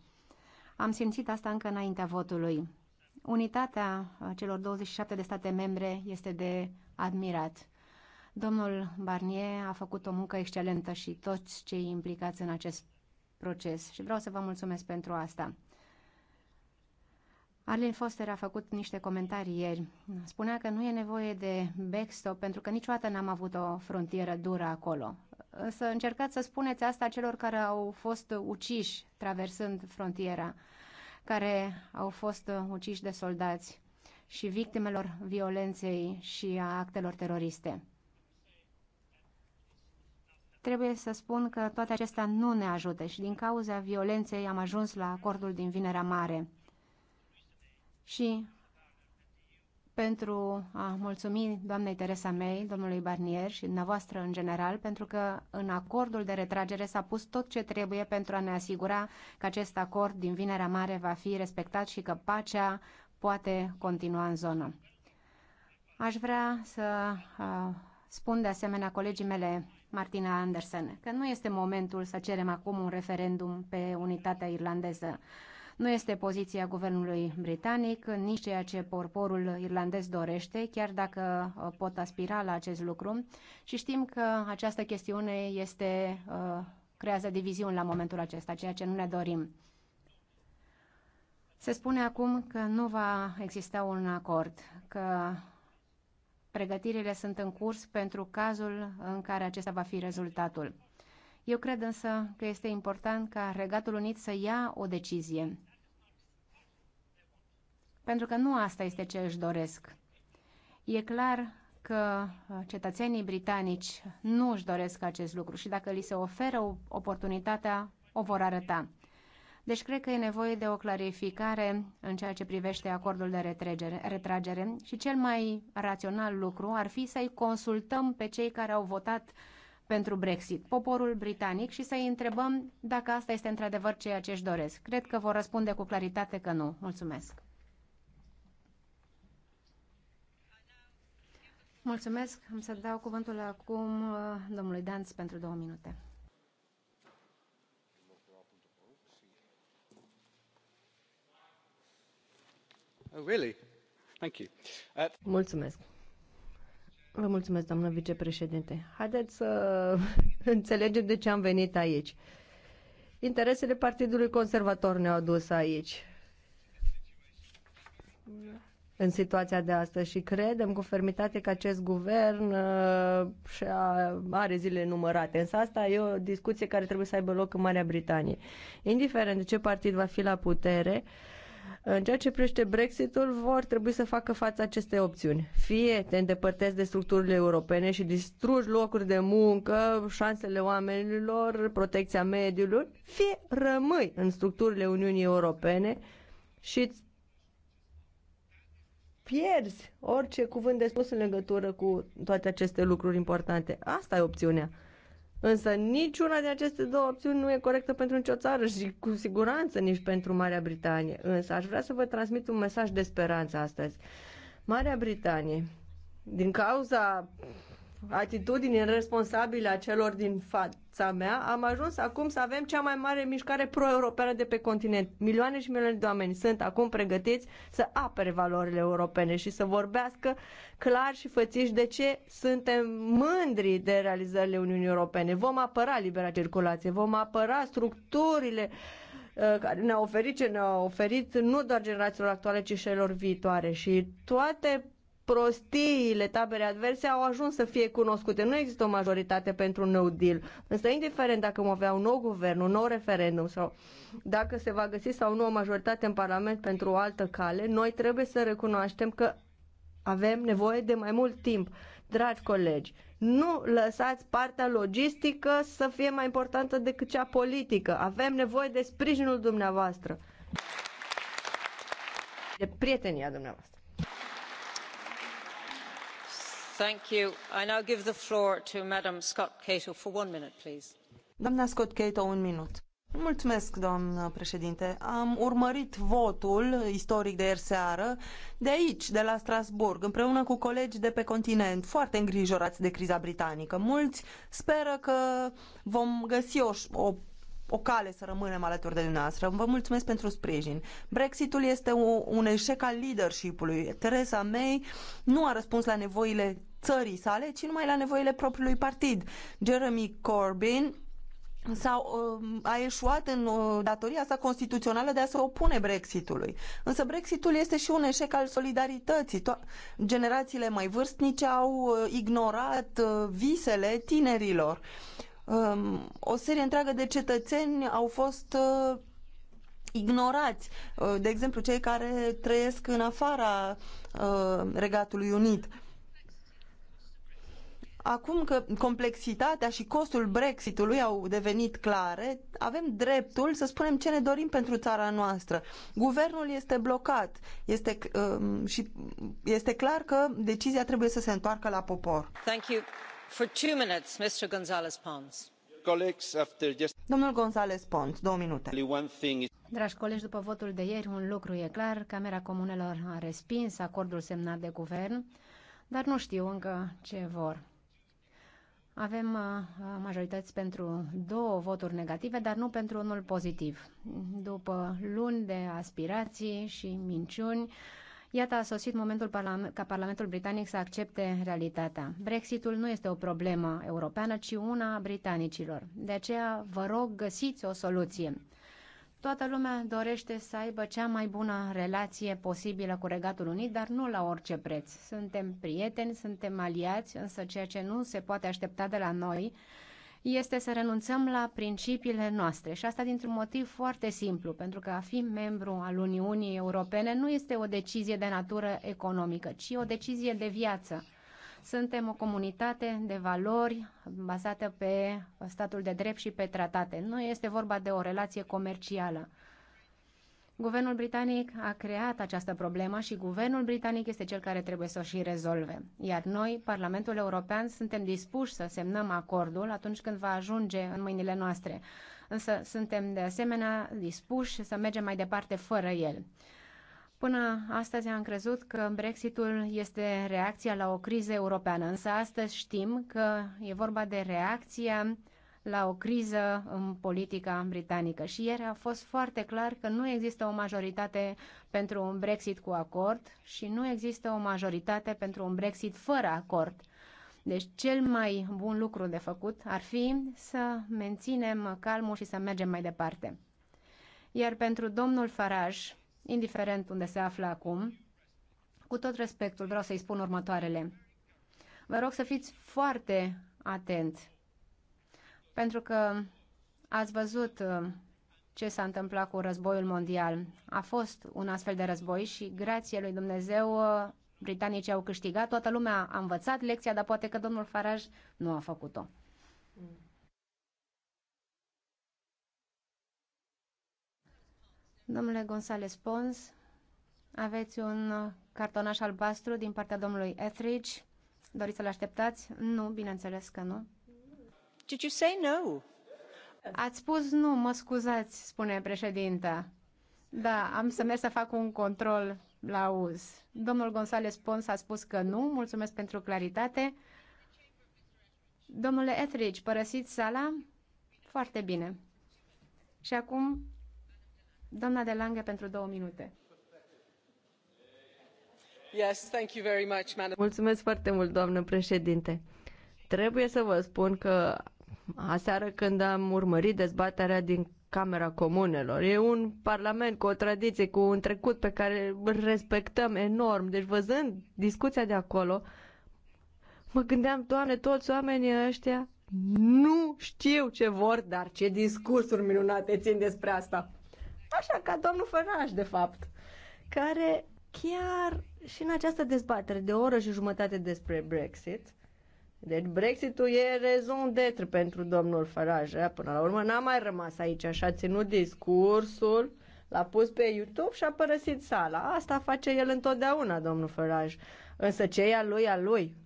Am simțit asta încă înaintea votului. Unitatea uh, celor 27 de state membre este de admirat. Domnul Barnier a făcut o muncă excelentă și toți cei implicați în acest proces și vreau să vă mulțumesc pentru asta. Arlene Foster a făcut niște comentarii ieri. Spunea că nu e nevoie de backstop pentru că niciodată n-am avut o frontieră dură acolo. Să încercați să spuneți asta celor care au fost uciși traversând frontiera care au fost uh, uciși de soldați și victimelor violenței și a actelor teroriste. Trebuie să spun că toate acestea nu ne ajută și din cauza violenței am ajuns la acordul din Vinerea Mare. Și pentru a mulțumi doamnei Teresa May, domnului Barnier și dumneavoastră în general, pentru că în acordul de retragere s-a pus tot ce trebuie pentru a ne asigura că acest acord din Vinerea Mare va fi respectat și că pacea poate continua în zonă. Aș vrea să uh, spun de asemenea colegii mele Martina Andersen că nu este momentul să cerem acum un referendum pe unitatea irlandeză. Uh, nu este poziția guvernului britanic, nici ceea ce porporul irlandez dorește, chiar dacă uh, pot aspira la acest lucru. Și știm că această chestiune este, uh, creează diviziuni la momentul acesta, ceea ce nu ne dorim. Se spune acum că nu va exista un acord, că pregătirile sunt în curs pentru cazul în care acesta va fi rezultatul. Eu cred însă că este important ca Regatul Unit să ia o decizie. Pentru că nu asta este ce își doresc. E clar că uh, cetățenii britanici nu își doresc acest lucru și dacă li se oferă oportunitatea, o vor arăta. Deci cred că e nevoie de o clarificare în ceea ce privește acordul de retragere, retragere și cel mai rațional lucru ar fi să-i consultăm pe cei care au votat pentru Brexit, poporul britanic, și să-i întrebăm dacă asta este într-adevăr ceea ce își doresc. Cred că vor răspunde cu claritate că nu. Mulțumesc! Mulțumesc. Am să dau cuvântul acum uh, domnului Danț pentru două minute. Oh, really? Thank you. Uh... Mulțumesc. Vă mulțumesc, doamnă vicepreședinte. Haideți să înțelegem de ce am venit aici. Interesele Partidului Conservator ne-au adus aici în situația de astăzi și credem cu fermitate că acest guvern uh, are zile numărate. Însă asta e o discuție care trebuie să aibă loc în Marea Britanie. Indiferent de ce partid va fi la putere, în ceea ce privește Brexitul, vor trebui să facă față aceste opțiuni. Fie te îndepărtezi de structurile europene și distrugi locuri de muncă, șansele oamenilor, protecția mediului, fie rămâi în structurile Uniunii Europene și îți pierzi orice cuvânt de spus în legătură cu toate aceste lucruri importante. Asta e opțiunea. Însă niciuna din aceste două opțiuni nu e corectă pentru nicio țară și cu siguranță nici pentru Marea Britanie. Însă aș vrea să vă transmit un mesaj de speranță astăzi. Marea Britanie, din cauza atitudinii responsabile a celor din față ța mea, am ajuns acum să avem cea mai mare mișcare pro-europeană de pe continent. Milioane și milioane de oameni sunt acum pregătiți să apere valorile europene și să vorbească clar și fățiși de ce suntem mândri de realizările Uniunii Europene. Vom apăra libera circulație, vom apăra structurile uh, care ne au oferit ce ne oferit nu doar generațiilor actuale, ci și celor viitoare. Și toate prostiile tabere adverse au ajuns să fie cunoscute. Nu există o majoritate pentru un nou deal. Însă, indiferent dacă vom avea un nou guvern, un nou referendum sau dacă se va găsi sau nu o majoritate în Parlament pentru o altă cale, noi trebuie să recunoaștem că avem nevoie de mai mult timp. Dragi colegi, nu lăsați partea logistică să fie mai importantă decât cea politică. Avem nevoie de sprijinul dumneavoastră. De prietenia dumneavoastră doamnă scott un minut. Mulțumesc, doamnă președinte. Am urmărit votul istoric de ieri seară de aici, de la Strasbourg, împreună cu colegi de pe continent, foarte îngrijorați de criza britanică. Mulți speră că vom găsi o, o o cale să rămânem alături de dumneavoastră. Vă mulțumesc pentru sprijin. Brexitul este o, un eșec al leadership-ului. Theresa May nu a răspuns la nevoile țării sale, ci numai la nevoile propriului partid. Jeremy Corbyn sau uh, a eșuat în uh, datoria sa constituțională de a se opune Brexitului. Însă Brexitul este și un eșec al solidarității. To- generațiile mai vârstnice au uh, ignorat visele tinerilor. Um, o serie întreagă de cetățeni au fost ignorați. De exemplu, cei care trăiesc în afara Regatului Unit acum că complexitatea și costul Brexitului au devenit clare, avem dreptul să spunem ce ne dorim pentru țara noastră. Guvernul este blocat este, um, și este clar că decizia trebuie să se întoarcă la popor. Thank you. For two minutes, Mr. González Pons. Domnul González Pons, două minute. Dragi colegi, după votul de ieri, un lucru e clar. Camera Comunelor a respins acordul semnat de guvern dar nu știu încă ce vor. Avem uh, majorități pentru două voturi negative, dar nu pentru unul pozitiv. După luni de aspirații și minciuni, Iată, a sosit momentul ca Parlamentul Britanic să accepte realitatea. Brexitul nu este o problemă europeană, ci una a britanicilor. De aceea, vă rog, găsiți o soluție. Toată lumea dorește să aibă cea mai bună relație posibilă cu Regatul Unit, dar nu la orice preț. Suntem prieteni, suntem aliați, însă ceea ce nu se poate aștepta de la noi este să renunțăm la principiile noastre și asta dintr-un motiv foarte simplu, pentru că a fi membru al Uniunii Europene nu este o decizie de natură economică, ci o decizie de viață. Suntem o comunitate de valori bazată pe statul de drept și pe tratate. Nu este vorba de o relație comercială. Guvernul britanic a creat această problemă și guvernul britanic este cel care trebuie să o și rezolve. Iar noi, Parlamentul European, suntem dispuși să semnăm acordul atunci când va ajunge în mâinile noastre. Însă suntem de asemenea dispuși să mergem mai departe fără el. Până astăzi am crezut că Brexitul este reacția la o criză europeană, însă astăzi știm că e vorba de reacția la o criză în politica britanică. Și ieri a fost foarte clar că nu există o majoritate pentru un Brexit cu acord și nu există o majoritate pentru un Brexit fără acord. Deci cel mai bun lucru de făcut ar fi să menținem calmul și să mergem mai departe. Iar pentru domnul Farage, indiferent unde se află acum. Cu tot respectul, vreau să-i spun următoarele. Vă rog să fiți foarte atent, pentru că ați văzut uh, ce s-a întâmplat cu războiul mondial. A fost un astfel de război și, grație lui Dumnezeu, uh, britanicii au câștigat, toată lumea a învățat lecția, dar poate că domnul Faraj nu a făcut-o. Mm. Domnule González Pons, aveți un cartonaș albastru din partea domnului Etheridge. Doriți să-l așteptați? Nu, bineînțeles că nu. Did you say no? Ați spus nu, mă scuzați, spune președinta. Da, am să merg să fac un control la uz. Domnul González Pons a spus că nu, mulțumesc pentru claritate. Domnule Etheridge, părăsiți sala? Foarte bine. Și acum Doamna de Lange pentru două minute. Yes, thank you very much, madam. Mulțumesc foarte mult, doamnă președinte. Trebuie să vă spun că aseară când am urmărit dezbaterea din Camera Comunelor. E un parlament cu o tradiție, cu un trecut pe care îl respectăm enorm. Deci văzând discuția de acolo, mă gândeam, Doamne, toți oamenii ăștia nu știu ce vor, dar ce discursuri minunate țin despre asta așa ca domnul Fănaș, de fapt, care chiar și în această dezbatere de o oră și jumătate despre Brexit, deci Brexitul e rezon d'etre pentru domnul Farage. Ă, până la urmă n-a mai rămas aici, așa a ținut discursul, l-a pus pe YouTube și a părăsit sala. Asta face el întotdeauna, domnul Farage. Însă ce e a lui, a lui.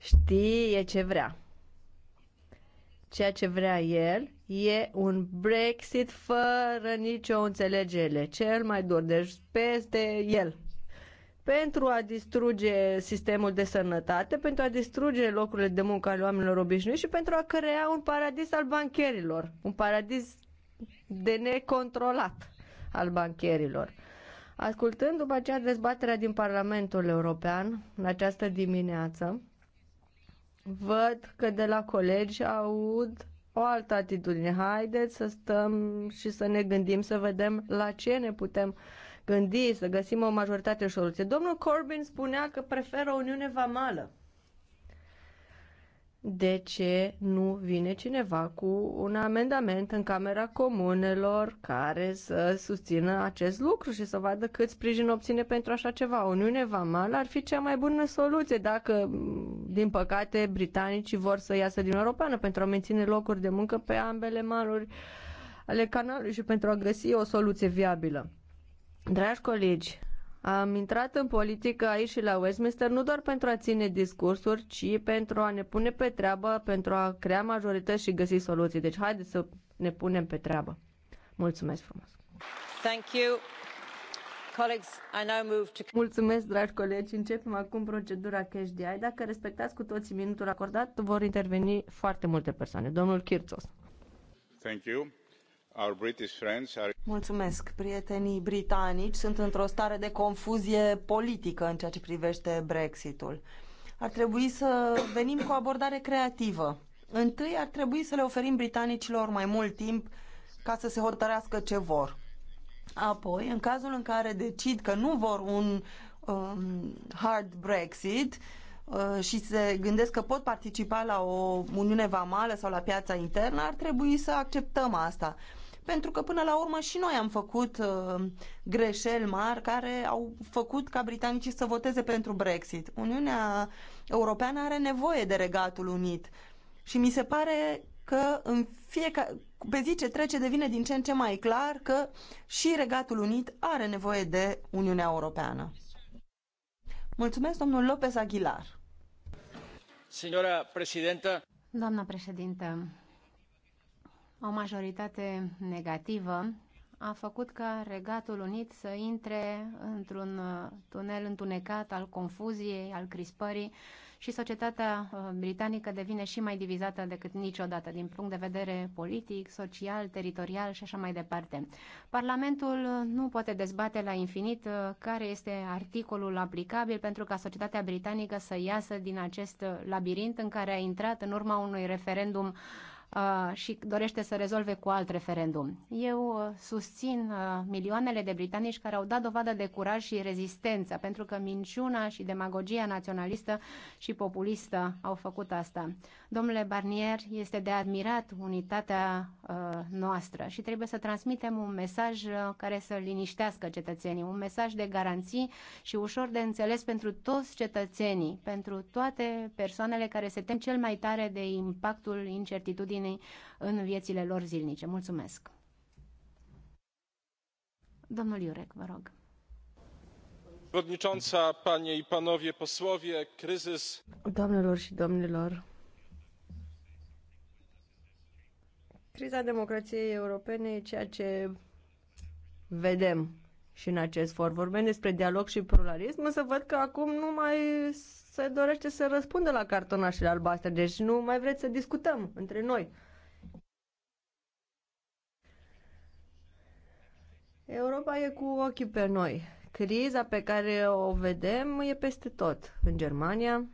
Știe ce vrea. Ceea ce vrea el e un Brexit fără nicio înțelegere, cel mai dur, deci peste el. Pentru a distruge sistemul de sănătate, pentru a distruge locurile de muncă ale oamenilor obișnuiți și pentru a crea un paradis al bancherilor, un paradis de necontrolat al bancherilor. Ascultând după aceea dezbaterea din Parlamentul European în această dimineață, văd că de la colegi aud o altă atitudine. Haideți să stăm și să ne gândim, să vedem la ce ne putem gândi, să găsim o majoritate și soluție. Domnul Corbyn spunea că preferă o Uniune Vamală de ce nu vine cineva cu un amendament în Camera Comunelor care să susțină acest lucru și să vadă cât sprijin obține pentru așa ceva. Uniune Vamală ar fi cea mai bună soluție dacă, din păcate, britanicii vor să iasă din Europeană pentru a menține locuri de muncă pe ambele maluri ale canalului și pentru a găsi o soluție viabilă. Dragi colegi, am intrat în politică aici și la Westminster nu doar pentru a ține discursuri, ci pentru a ne pune pe treabă, pentru a crea majorități și găsi soluții. Deci haideți să ne punem pe treabă. Mulțumesc frumos! Thank you. Colleagues, I now move to... Mulțumesc, dragi colegi. Începem acum procedura cash de ai. Dacă respectați cu toții minutul acordat, vor interveni foarte multe persoane. Domnul Kirțos. Thank you. Mulțumesc. Prietenii britanici sunt într-o stare de confuzie politică în ceea ce privește Brexitul. Ar trebui să venim cu o abordare creativă. Întâi ar trebui să le oferim britanicilor mai mult timp ca să se hotărească ce vor. Apoi, în cazul în care decid că nu vor un um, hard Brexit, uh, și se gândesc că pot participa la o uniune vamală sau la piața internă, ar trebui să acceptăm asta pentru că până la urmă și noi am făcut uh, greșeli mari care au făcut ca britanicii să voteze pentru Brexit. Uniunea Europeană are nevoie de Regatul Unit și mi se pare că în fiecare, pe zi ce trece devine din ce în ce mai clar că și Regatul Unit are nevoie de Uniunea Europeană. Mulțumesc, domnul Lopez Aguilar. Signora președintă. Doamna președintă, o majoritate negativă a făcut ca Regatul Unit să intre într-un uh, tunel întunecat al confuziei, al crispării și societatea uh, britanică devine și mai divizată decât niciodată din punct de vedere politic, social, teritorial și așa mai departe. Parlamentul uh, nu poate dezbate la infinit care este articolul aplicabil pentru ca societatea britanică să iasă din acest labirint în care a intrat în urma unui referendum uh, Ah, și dorește să rezolve cu alt referendum. Eu uh, susțin uh, milioanele de britanici care au dat dovadă de curaj și rezistență, pentru că minciuna și demagogia naționalistă și populistă au făcut asta. Domnule Barnier, este de admirat unitatea uh, noastră și trebuie să transmitem un mesaj care să liniștească cetățenii, un mesaj de garanții și ușor de înțeles pentru toți cetățenii, pentru toate persoanele care se tem cel mai tare de impactul incertitudinii oamenii în viețile lor zilnice. Mulțumesc! Domnul Iurec, vă rog. Przewodnicząca, panie i panowie posłowie, kryzys. Doamnelor și domnilor, criza democrației europene e ceea ce vedem și în acest for. Vorbim despre dialog și pluralism, însă văd că acum nu mai se dorește să răspundă la cartonașele albastre, deci nu mai vreți să discutăm între noi. Europa e cu ochii pe noi. Criza pe care o vedem e peste tot. În Germania,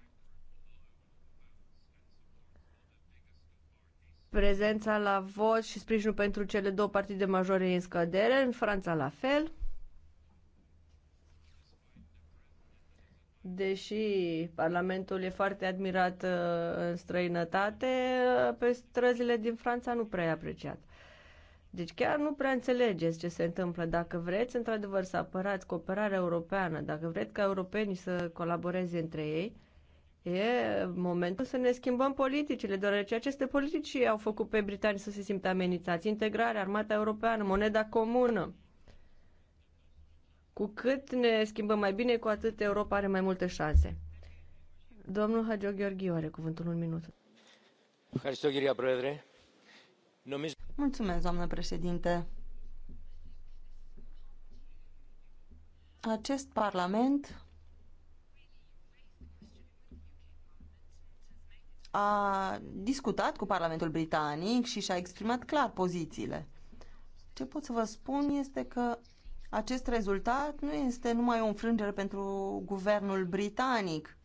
prezența la vot și sprijinul pentru cele două partide majore e în scădere, în Franța la fel. deși Parlamentul e foarte admirat uh, în străinătate, uh, pe străzile din Franța nu prea e apreciat. Deci chiar nu prea înțelegeți ce se întâmplă. Dacă vreți, într-adevăr, să apărați cooperarea europeană, dacă vreți ca europenii să colaboreze între ei, e momentul să ne schimbăm politicile, deoarece aceste politici au făcut pe britanii să se simtă amenințați. Integrarea, armata europeană, moneda comună, cu cât ne schimbăm mai bine, cu atât Europa are mai multe șanse. Domnul Hagio Gheorghiu are cuvântul un minut. Mulțumesc, doamnă președinte. Acest parlament a discutat cu Parlamentul Britanic și și-a exprimat clar pozițiile. Ce pot să vă spun este că acest rezultat nu este numai o înfrângere pentru guvernul britanic,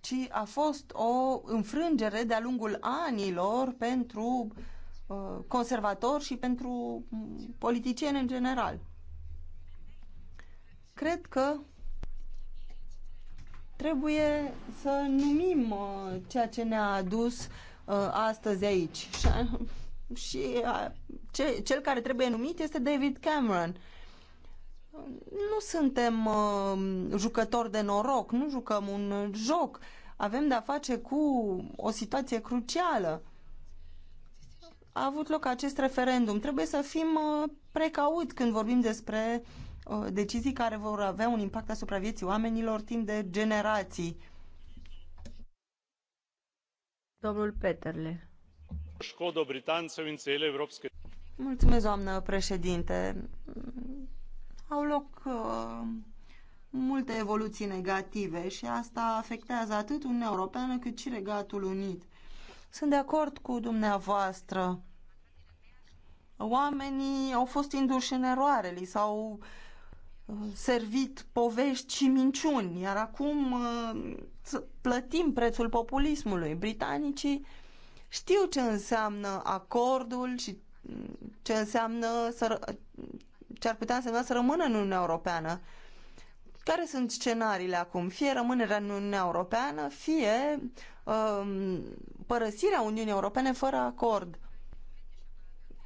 ci a fost o înfrângere de-a lungul anilor pentru uh, conservatori și pentru mm, politicieni în general. Cred că trebuie să numim uh, ceea ce ne-a adus uh, astăzi aici și ce, cel care trebuie numit este David Cameron. Nu suntem uh, jucători de noroc, nu jucăm un joc. Avem de-a face cu o situație crucială. A avut loc acest referendum. Trebuie să fim uh, precaut când vorbim despre uh, decizii care vor avea un impact asupra vieții oamenilor timp de generații. Domnul Peterle. Mulțumesc, doamnă președinte. Au loc uh, multe evoluții negative și asta afectează atât Uniunea Europeană cât și Regatul Unit. Sunt de acord cu dumneavoastră. Oamenii au fost induși în eroare, li s-au uh, servit povești și minciuni, iar acum uh, plătim prețul populismului. Britanicii știu ce înseamnă acordul și ce înseamnă să, ce ar putea însemna să rămână în Uniunea Europeană. Care sunt scenariile acum? Fie rămânerea în Uniunea Europeană, fie um, părăsirea Uniunii Europene fără acord.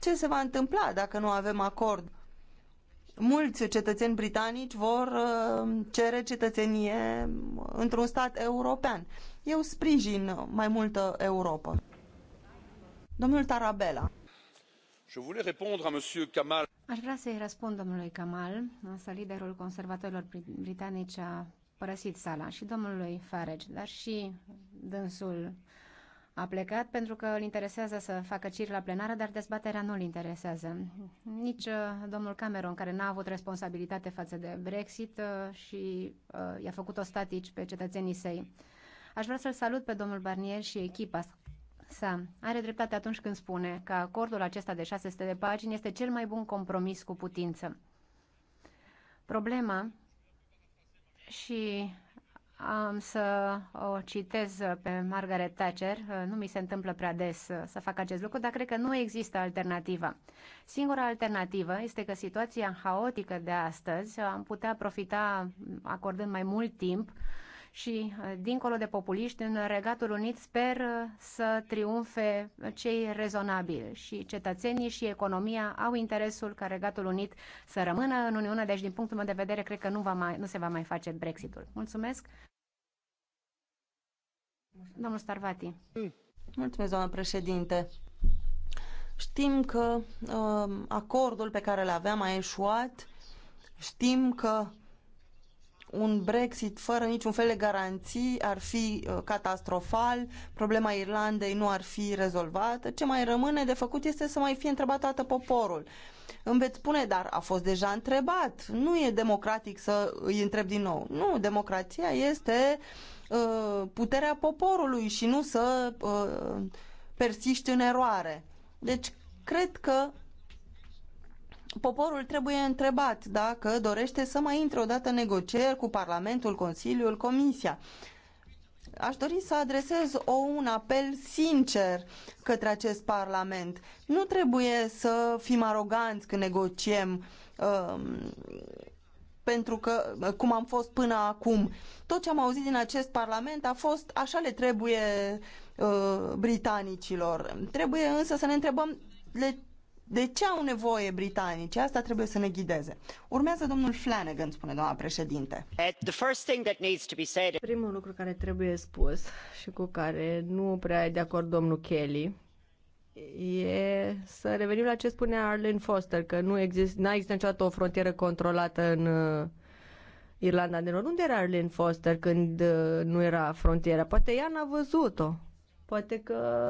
Ce se va întâmpla dacă nu avem acord? Mulți cetățeni britanici vor uh, cere cetățenie într-un stat european. Eu sprijin mai multă Europa. Domnul Tarabella. Aș vrea să îi răspund domnului Kamal, însă liderul conservatorilor britanici a părăsit sala și domnului Farage, dar și dânsul a plecat pentru că îl interesează să facă cir la plenară, dar dezbaterea nu îl interesează. Nici uh, domnul Cameron, care n-a avut responsabilitate față de Brexit uh, și uh, i-a făcut ostatici pe cetățenii săi. Aș vrea să-l salut pe domnul Barnier și echipa sa are dreptate atunci când spune că acordul acesta de 600 de pagini este cel mai bun compromis cu putință. Problema și am să o citez pe Margaret Thatcher. Nu mi se întâmplă prea des uh, să fac acest lucru, dar cred că nu există alternativă. Singura alternativă este că situația haotică de astăzi am putea profita acordând mai mult timp și uh, dincolo de populiști în Regatul Unit sper uh, să triumfe cei rezonabili și cetățenii și economia au interesul ca Regatul Unit să rămână în Uniune, deci din punctul meu de vedere cred că nu, va mai, nu se va mai face Brexitul. Mulțumesc! Domnul Starvati. Mulțumesc, doamnă președinte. Știm că uh, acordul pe care l aveam a eșuat, știm că un Brexit fără niciun fel de garanții ar fi uh, catastrofal, problema Irlandei nu ar fi rezolvată. Ce mai rămâne de făcut este să mai fie întrebat toată poporul. Îmi veți spune, dar a fost deja întrebat. Nu e democratic să îi întreb din nou. Nu, democrația este uh, puterea poporului și nu să uh, persiști în eroare. Deci, cred că poporul trebuie întrebat dacă dorește să mai intre odată negocieri cu Parlamentul, Consiliul, Comisia. Aș dori să adresez o, un apel sincer către acest Parlament. Nu trebuie să fim aroganți când negociem uh, pentru că, cum am fost până acum, tot ce am auzit din acest Parlament a fost așa le trebuie uh, britanicilor. Trebuie însă să ne întrebăm le de ce au nevoie britanici? Asta trebuie să ne ghideze. Urmează domnul Flanagan, spune doamna președinte. Uh, Primul lucru care trebuie spus și cu care nu prea e de acord domnul Kelly e să revenim la ce spunea Arlene Foster, că nu există, n-a existat niciodată o frontieră controlată în uh, Irlanda de Nord. Unde era Arlene Foster când uh, nu era frontiera? Poate ea n-a văzut-o. Poate că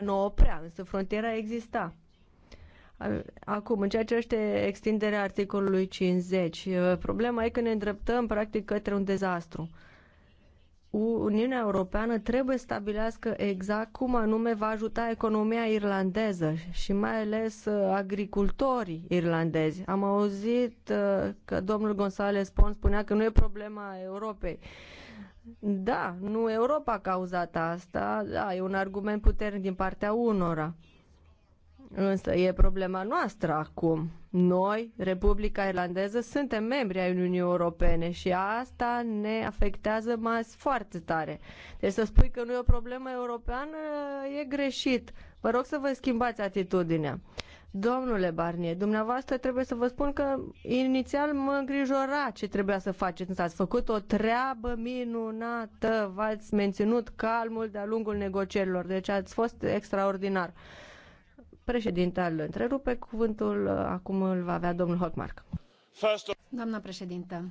nu oprea, însă frontiera exista. Acum, în ceea ce este extinderea articolului 50, uh, problema e că ne îndreptăm practic către un dezastru. Uniunea Europeană trebuie să stabilească exact cum anume va ajuta economia irlandeză și mai ales uh, agricultorii irlandezi. Am auzit uh, că domnul González Pons spunea că nu e problema Europei, da, nu Europa a cauzat asta, da, e un argument puternic din partea unora. Însă e problema noastră acum. Noi, Republica Irlandeză, suntem membri ai Uniunii Europene și asta ne afectează mai foarte tare. Deci să spui că nu e o problemă europeană e greșit. Vă rog să vă schimbați atitudinea. Domnule Barnier, dumneavoastră trebuie să vă spun că inițial mă îngrijora ce trebuia să faceți, însă ați făcut o treabă minunată, v-ați menținut calmul de-a lungul negocierilor, deci ați fost extraordinar. Președinte, îl întrerupe cuvântul, uh, acum îl va avea domnul Hotmark. Doamna președintă,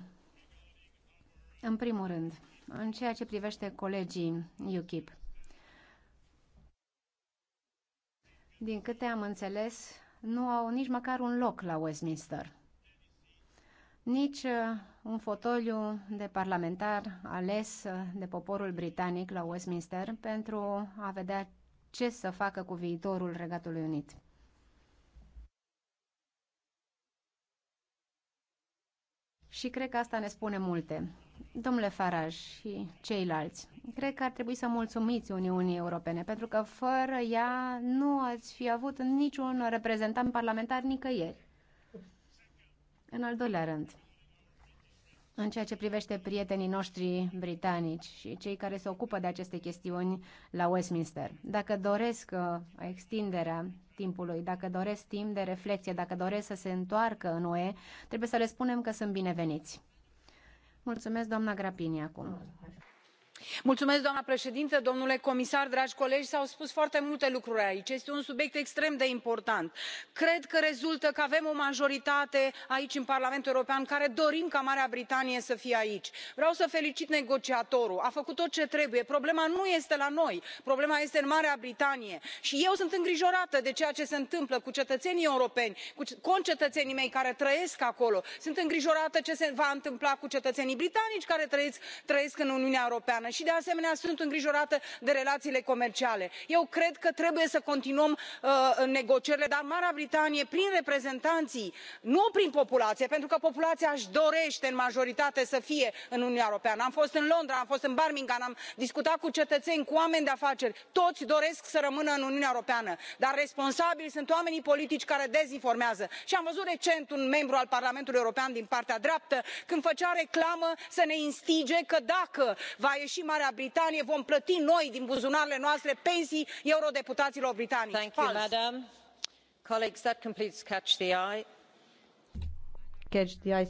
în primul rând, în ceea ce privește colegii UKIP, din câte am înțeles, nu au nici măcar un loc la Westminster. Nici uh, un fotoliu de parlamentar ales uh, de poporul britanic la Westminster pentru a vedea ce să facă cu viitorul Regatului Unit. Și cred că asta ne spune multe domnule Faraj și ceilalți, cred că ar trebui să mulțumiți Uniunii Europene, pentru că fără ea nu ați fi avut niciun reprezentant parlamentar nicăieri. În al doilea rând, în ceea ce privește prietenii noștri britanici și cei care se ocupă de aceste chestiuni la Westminster. Dacă doresc uh, extinderea timpului, dacă doresc timp de reflexie, dacă doresc să se întoarcă în UE, trebuie să le spunem că sunt bineveniți. Mulțumesc, doamna Grapini, acum doamnă președintă domnule comisar dragi colegi s au spus foarte multe lucruri aici este un subiect extrem de important. cred că rezultă că avem o majoritate aici în parlamentul european care dorim ca marea britanie să fie aici. vreau să felicit negociatorul a făcut tot ce trebuie problema nu este la noi problema este în marea britanie și eu sunt îngrijorată de ceea ce se întâmplă cu cetățenii europeni cu concetățenii mei care trăiesc acolo sunt îngrijorată ce se va întâmpla cu cetățenii britanici care trăiesc în uniunea europeană europeană și de asemenea sunt îngrijorată de relațiile comerciale. eu cred că trebuie să continuăm uh, negocierile dar marea britanie prin reprezentanții nu prin populație pentru că populația își dorește în majoritate să fie în uniunea europeană. am fost în londra am fost în birmingham am discutat cu cetățeni cu oameni de afaceri toți doresc să rămână în uniunea europeană dar responsabili sunt oamenii politici care dezinformează și am văzut recent un membru al parlamentului european din partea dreaptă când făcea reclamă să ne instige că dacă va și marea britanie vom plăti noi din buzunarele noastre pensii eurodeputaților britanici. fals!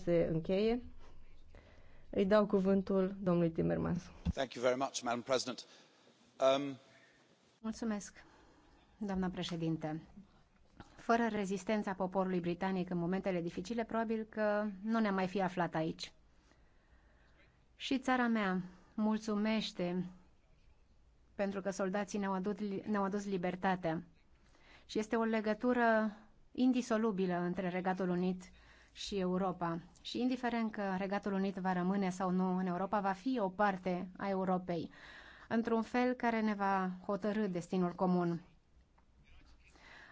se încheie. îi dau cuvântul domnului timmermans. Thank you very much, Madam President. Um, Mulțumesc, doamnă președintă fără rezistența poporului britanic în momentele dificile, probabil că nu ne-am mai fi aflat aici. Și țara mea mulțumește pentru că soldații ne-au adus, ne adus libertatea. Și este o legătură indisolubilă între Regatul Unit și Europa. Și indiferent că Regatul Unit va rămâne sau nu în Europa, va fi o parte a Europei, într-un fel care ne va hotărâ destinul comun.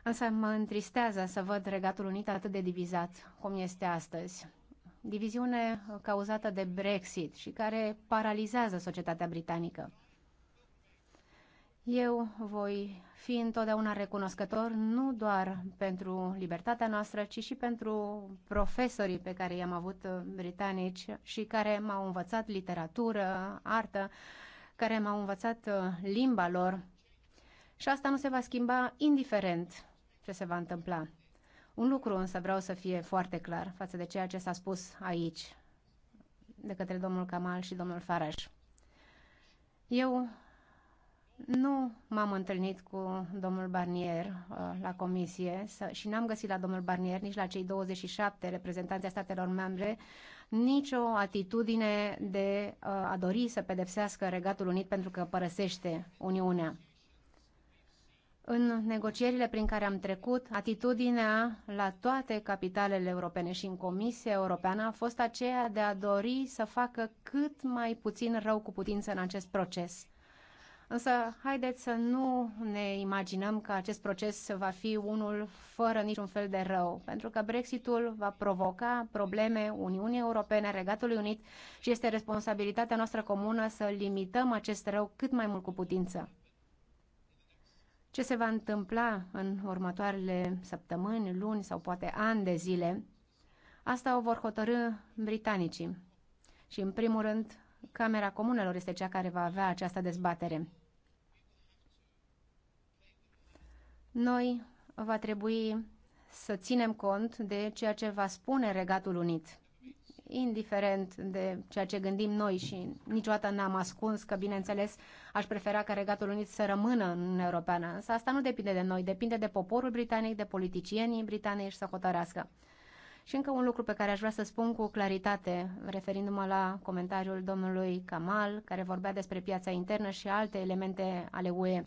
Însă mă întristează să văd Regatul Unit atât de divizat cum este astăzi diviziune uh, cauzată de Brexit și care paralizează societatea britanică. Eu voi fi întotdeauna recunoscător nu doar pentru libertatea noastră, ci și pentru profesorii pe care i-am avut uh, britanici și care m-au învățat literatură, artă, care m-au învățat uh, limba lor. Și asta nu se va schimba indiferent ce se va întâmpla. Un lucru însă vreau să fie foarte clar față de ceea ce s-a spus aici de către domnul Kamal și domnul Faraj. Eu nu m-am întâlnit cu domnul Barnier uh, la comisie și n-am găsit la domnul Barnier, nici la cei 27 reprezentanți a statelor membre, nicio atitudine de uh, a dori să pedepsească Regatul Unit pentru că părăsește Uniunea. În negocierile prin care am trecut, atitudinea la toate capitalele europene și în Comisia Europeană a fost aceea de a dori să facă cât mai puțin rău cu putință în acest proces. Însă, haideți să nu ne imaginăm că acest proces va fi unul fără niciun fel de rău, pentru că Brexitul va provoca probleme Uniunii Europene, Regatului Unit și este responsabilitatea noastră comună să limităm acest rău cât mai mult cu putință ce se va întâmpla în următoarele săptămâni, luni sau poate ani de zile, asta o vor hotărâ britanicii. Și, în primul rând, Camera Comunelor este cea care va avea această dezbatere. Noi va trebui să ținem cont de ceea ce va spune Regatul Unit indiferent de ceea ce gândim noi și niciodată n-am ascuns că, bineînțeles, aș prefera ca Regatul Unit să rămână în Uniunea Europeană, însă asta nu depinde de noi, depinde de poporul britanic, de politicienii britanici să hotărească. Și încă un lucru pe care aș vrea să spun cu claritate, referindu-mă la comentariul domnului Kamal, care vorbea despre piața internă și alte elemente ale UE.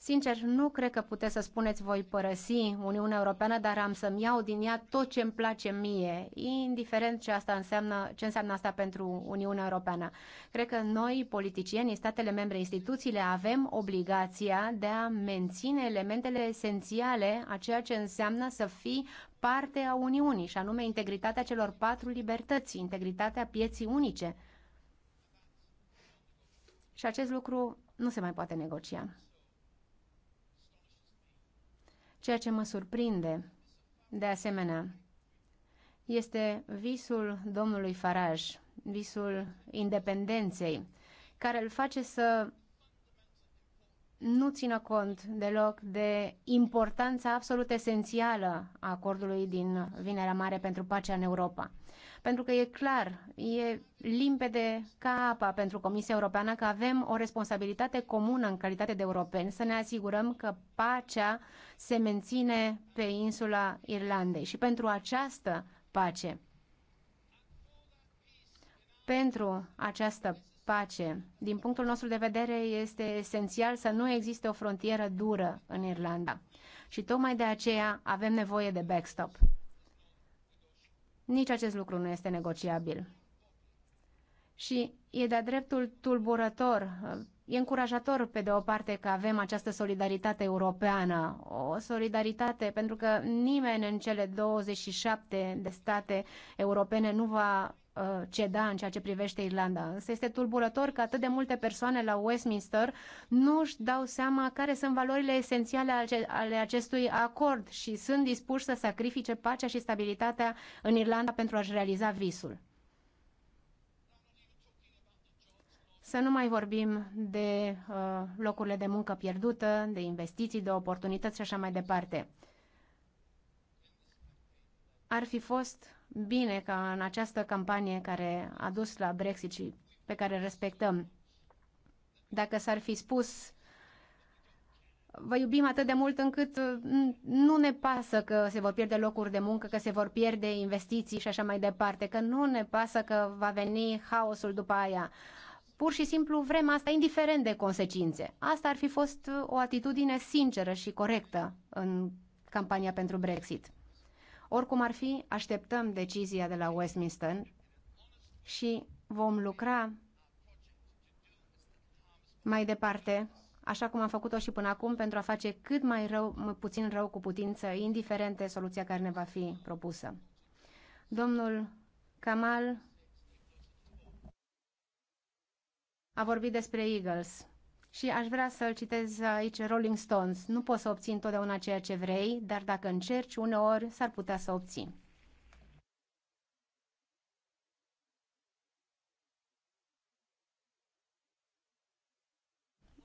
Sincer, nu cred că puteți să spuneți voi părăsi Uniunea Europeană, dar am să-mi iau din ea tot ce îmi place mie, indiferent ce, asta înseamnă, ce înseamnă asta pentru Uniunea Europeană. Cred că noi, politicienii, statele membre, instituțiile, avem obligația de a menține elementele esențiale a ceea ce înseamnă să fii parte a Uniunii, și anume integritatea celor patru libertăți, integritatea pieții unice. Și acest lucru nu se mai poate negocia. Ceea ce mă surprinde, de asemenea, este visul domnului Faraj, visul independenței, care îl face să nu țină cont deloc de importanța absolut esențială a acordului din Vinerea Mare pentru pacea în Europa. Pentru că e clar, e limpede ca apa pentru Comisia Europeană că avem o responsabilitate comună în calitate de europeni să ne asigurăm că pacea se menține pe insula Irlandei și pentru această pace. Pentru această pace. Din punctul nostru de vedere, este esențial să nu existe o frontieră dură în Irlanda. Și tocmai de aceea avem nevoie de backstop. Nici acest lucru nu este negociabil. Și e de-a dreptul tulburător, e încurajator pe de o parte că avem această solidaritate europeană, o solidaritate pentru că nimeni în cele 27 de state europene nu va Uh, ceda în ceea ce privește Irlanda. Însă este tulburător că atât de multe persoane la Westminster nu își dau seama care sunt valorile esențiale ale acestui acord și sunt dispuși să sacrifice pacea și stabilitatea în Irlanda pentru a-și realiza visul. Să nu mai vorbim de uh, locurile de muncă pierdută, de investiții, de oportunități și așa mai departe. Ar fi fost bine că în această campanie care a dus la Brexit și pe care respectăm, dacă s-ar fi spus vă iubim atât de mult încât mm, nu ne pasă că se vor pierde locuri de muncă, că se vor pierde investiții și așa mai departe, că nu ne pasă că va veni haosul după aia. Pur și simplu vrem asta, indiferent de consecințe. Asta ar fi fost o atitudine sinceră și corectă în campania pentru Brexit. Oricum ar fi, așteptăm decizia de la Westminster și vom lucra mai departe, așa cum am făcut-o și până acum, pentru a face cât mai rău, mai puțin rău cu putință, indiferent de soluția care ne va fi propusă. Domnul Kamal a vorbit despre Eagles. Și aș vrea să-l citez aici Rolling Stones. Nu poți să obții întotdeauna ceea ce vrei, dar dacă încerci, uneori s-ar putea să obții.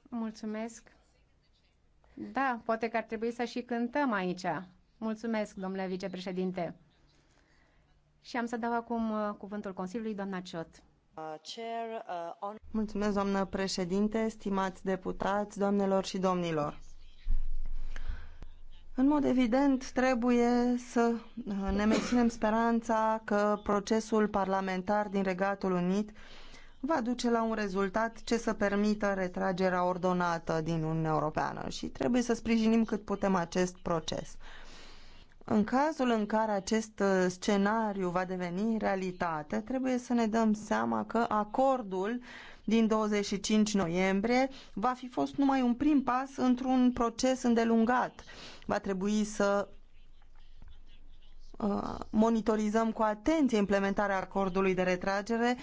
Mulțumesc. Da, poate că ar trebui să și cântăm aici. Mulțumesc, domnule vicepreședinte. Și am să dau acum uh, cuvântul Consiliului, doamna Ciot. Mulțumesc, doamnă președinte, stimați deputați, doamnelor și domnilor. În mod evident, trebuie să uh, ne menținem speranța că procesul parlamentar din Regatul Unit va duce la un rezultat ce să permită retragerea ordonată din Uniunea Europeană și trebuie să sprijinim cât putem acest proces. În cazul în care acest uh, scenariu va deveni realitate, trebuie să ne dăm seama că acordul din 25 noiembrie va fi fost numai un prim pas într-un proces îndelungat. Va trebui să uh, monitorizăm cu atenție implementarea acordului de retragere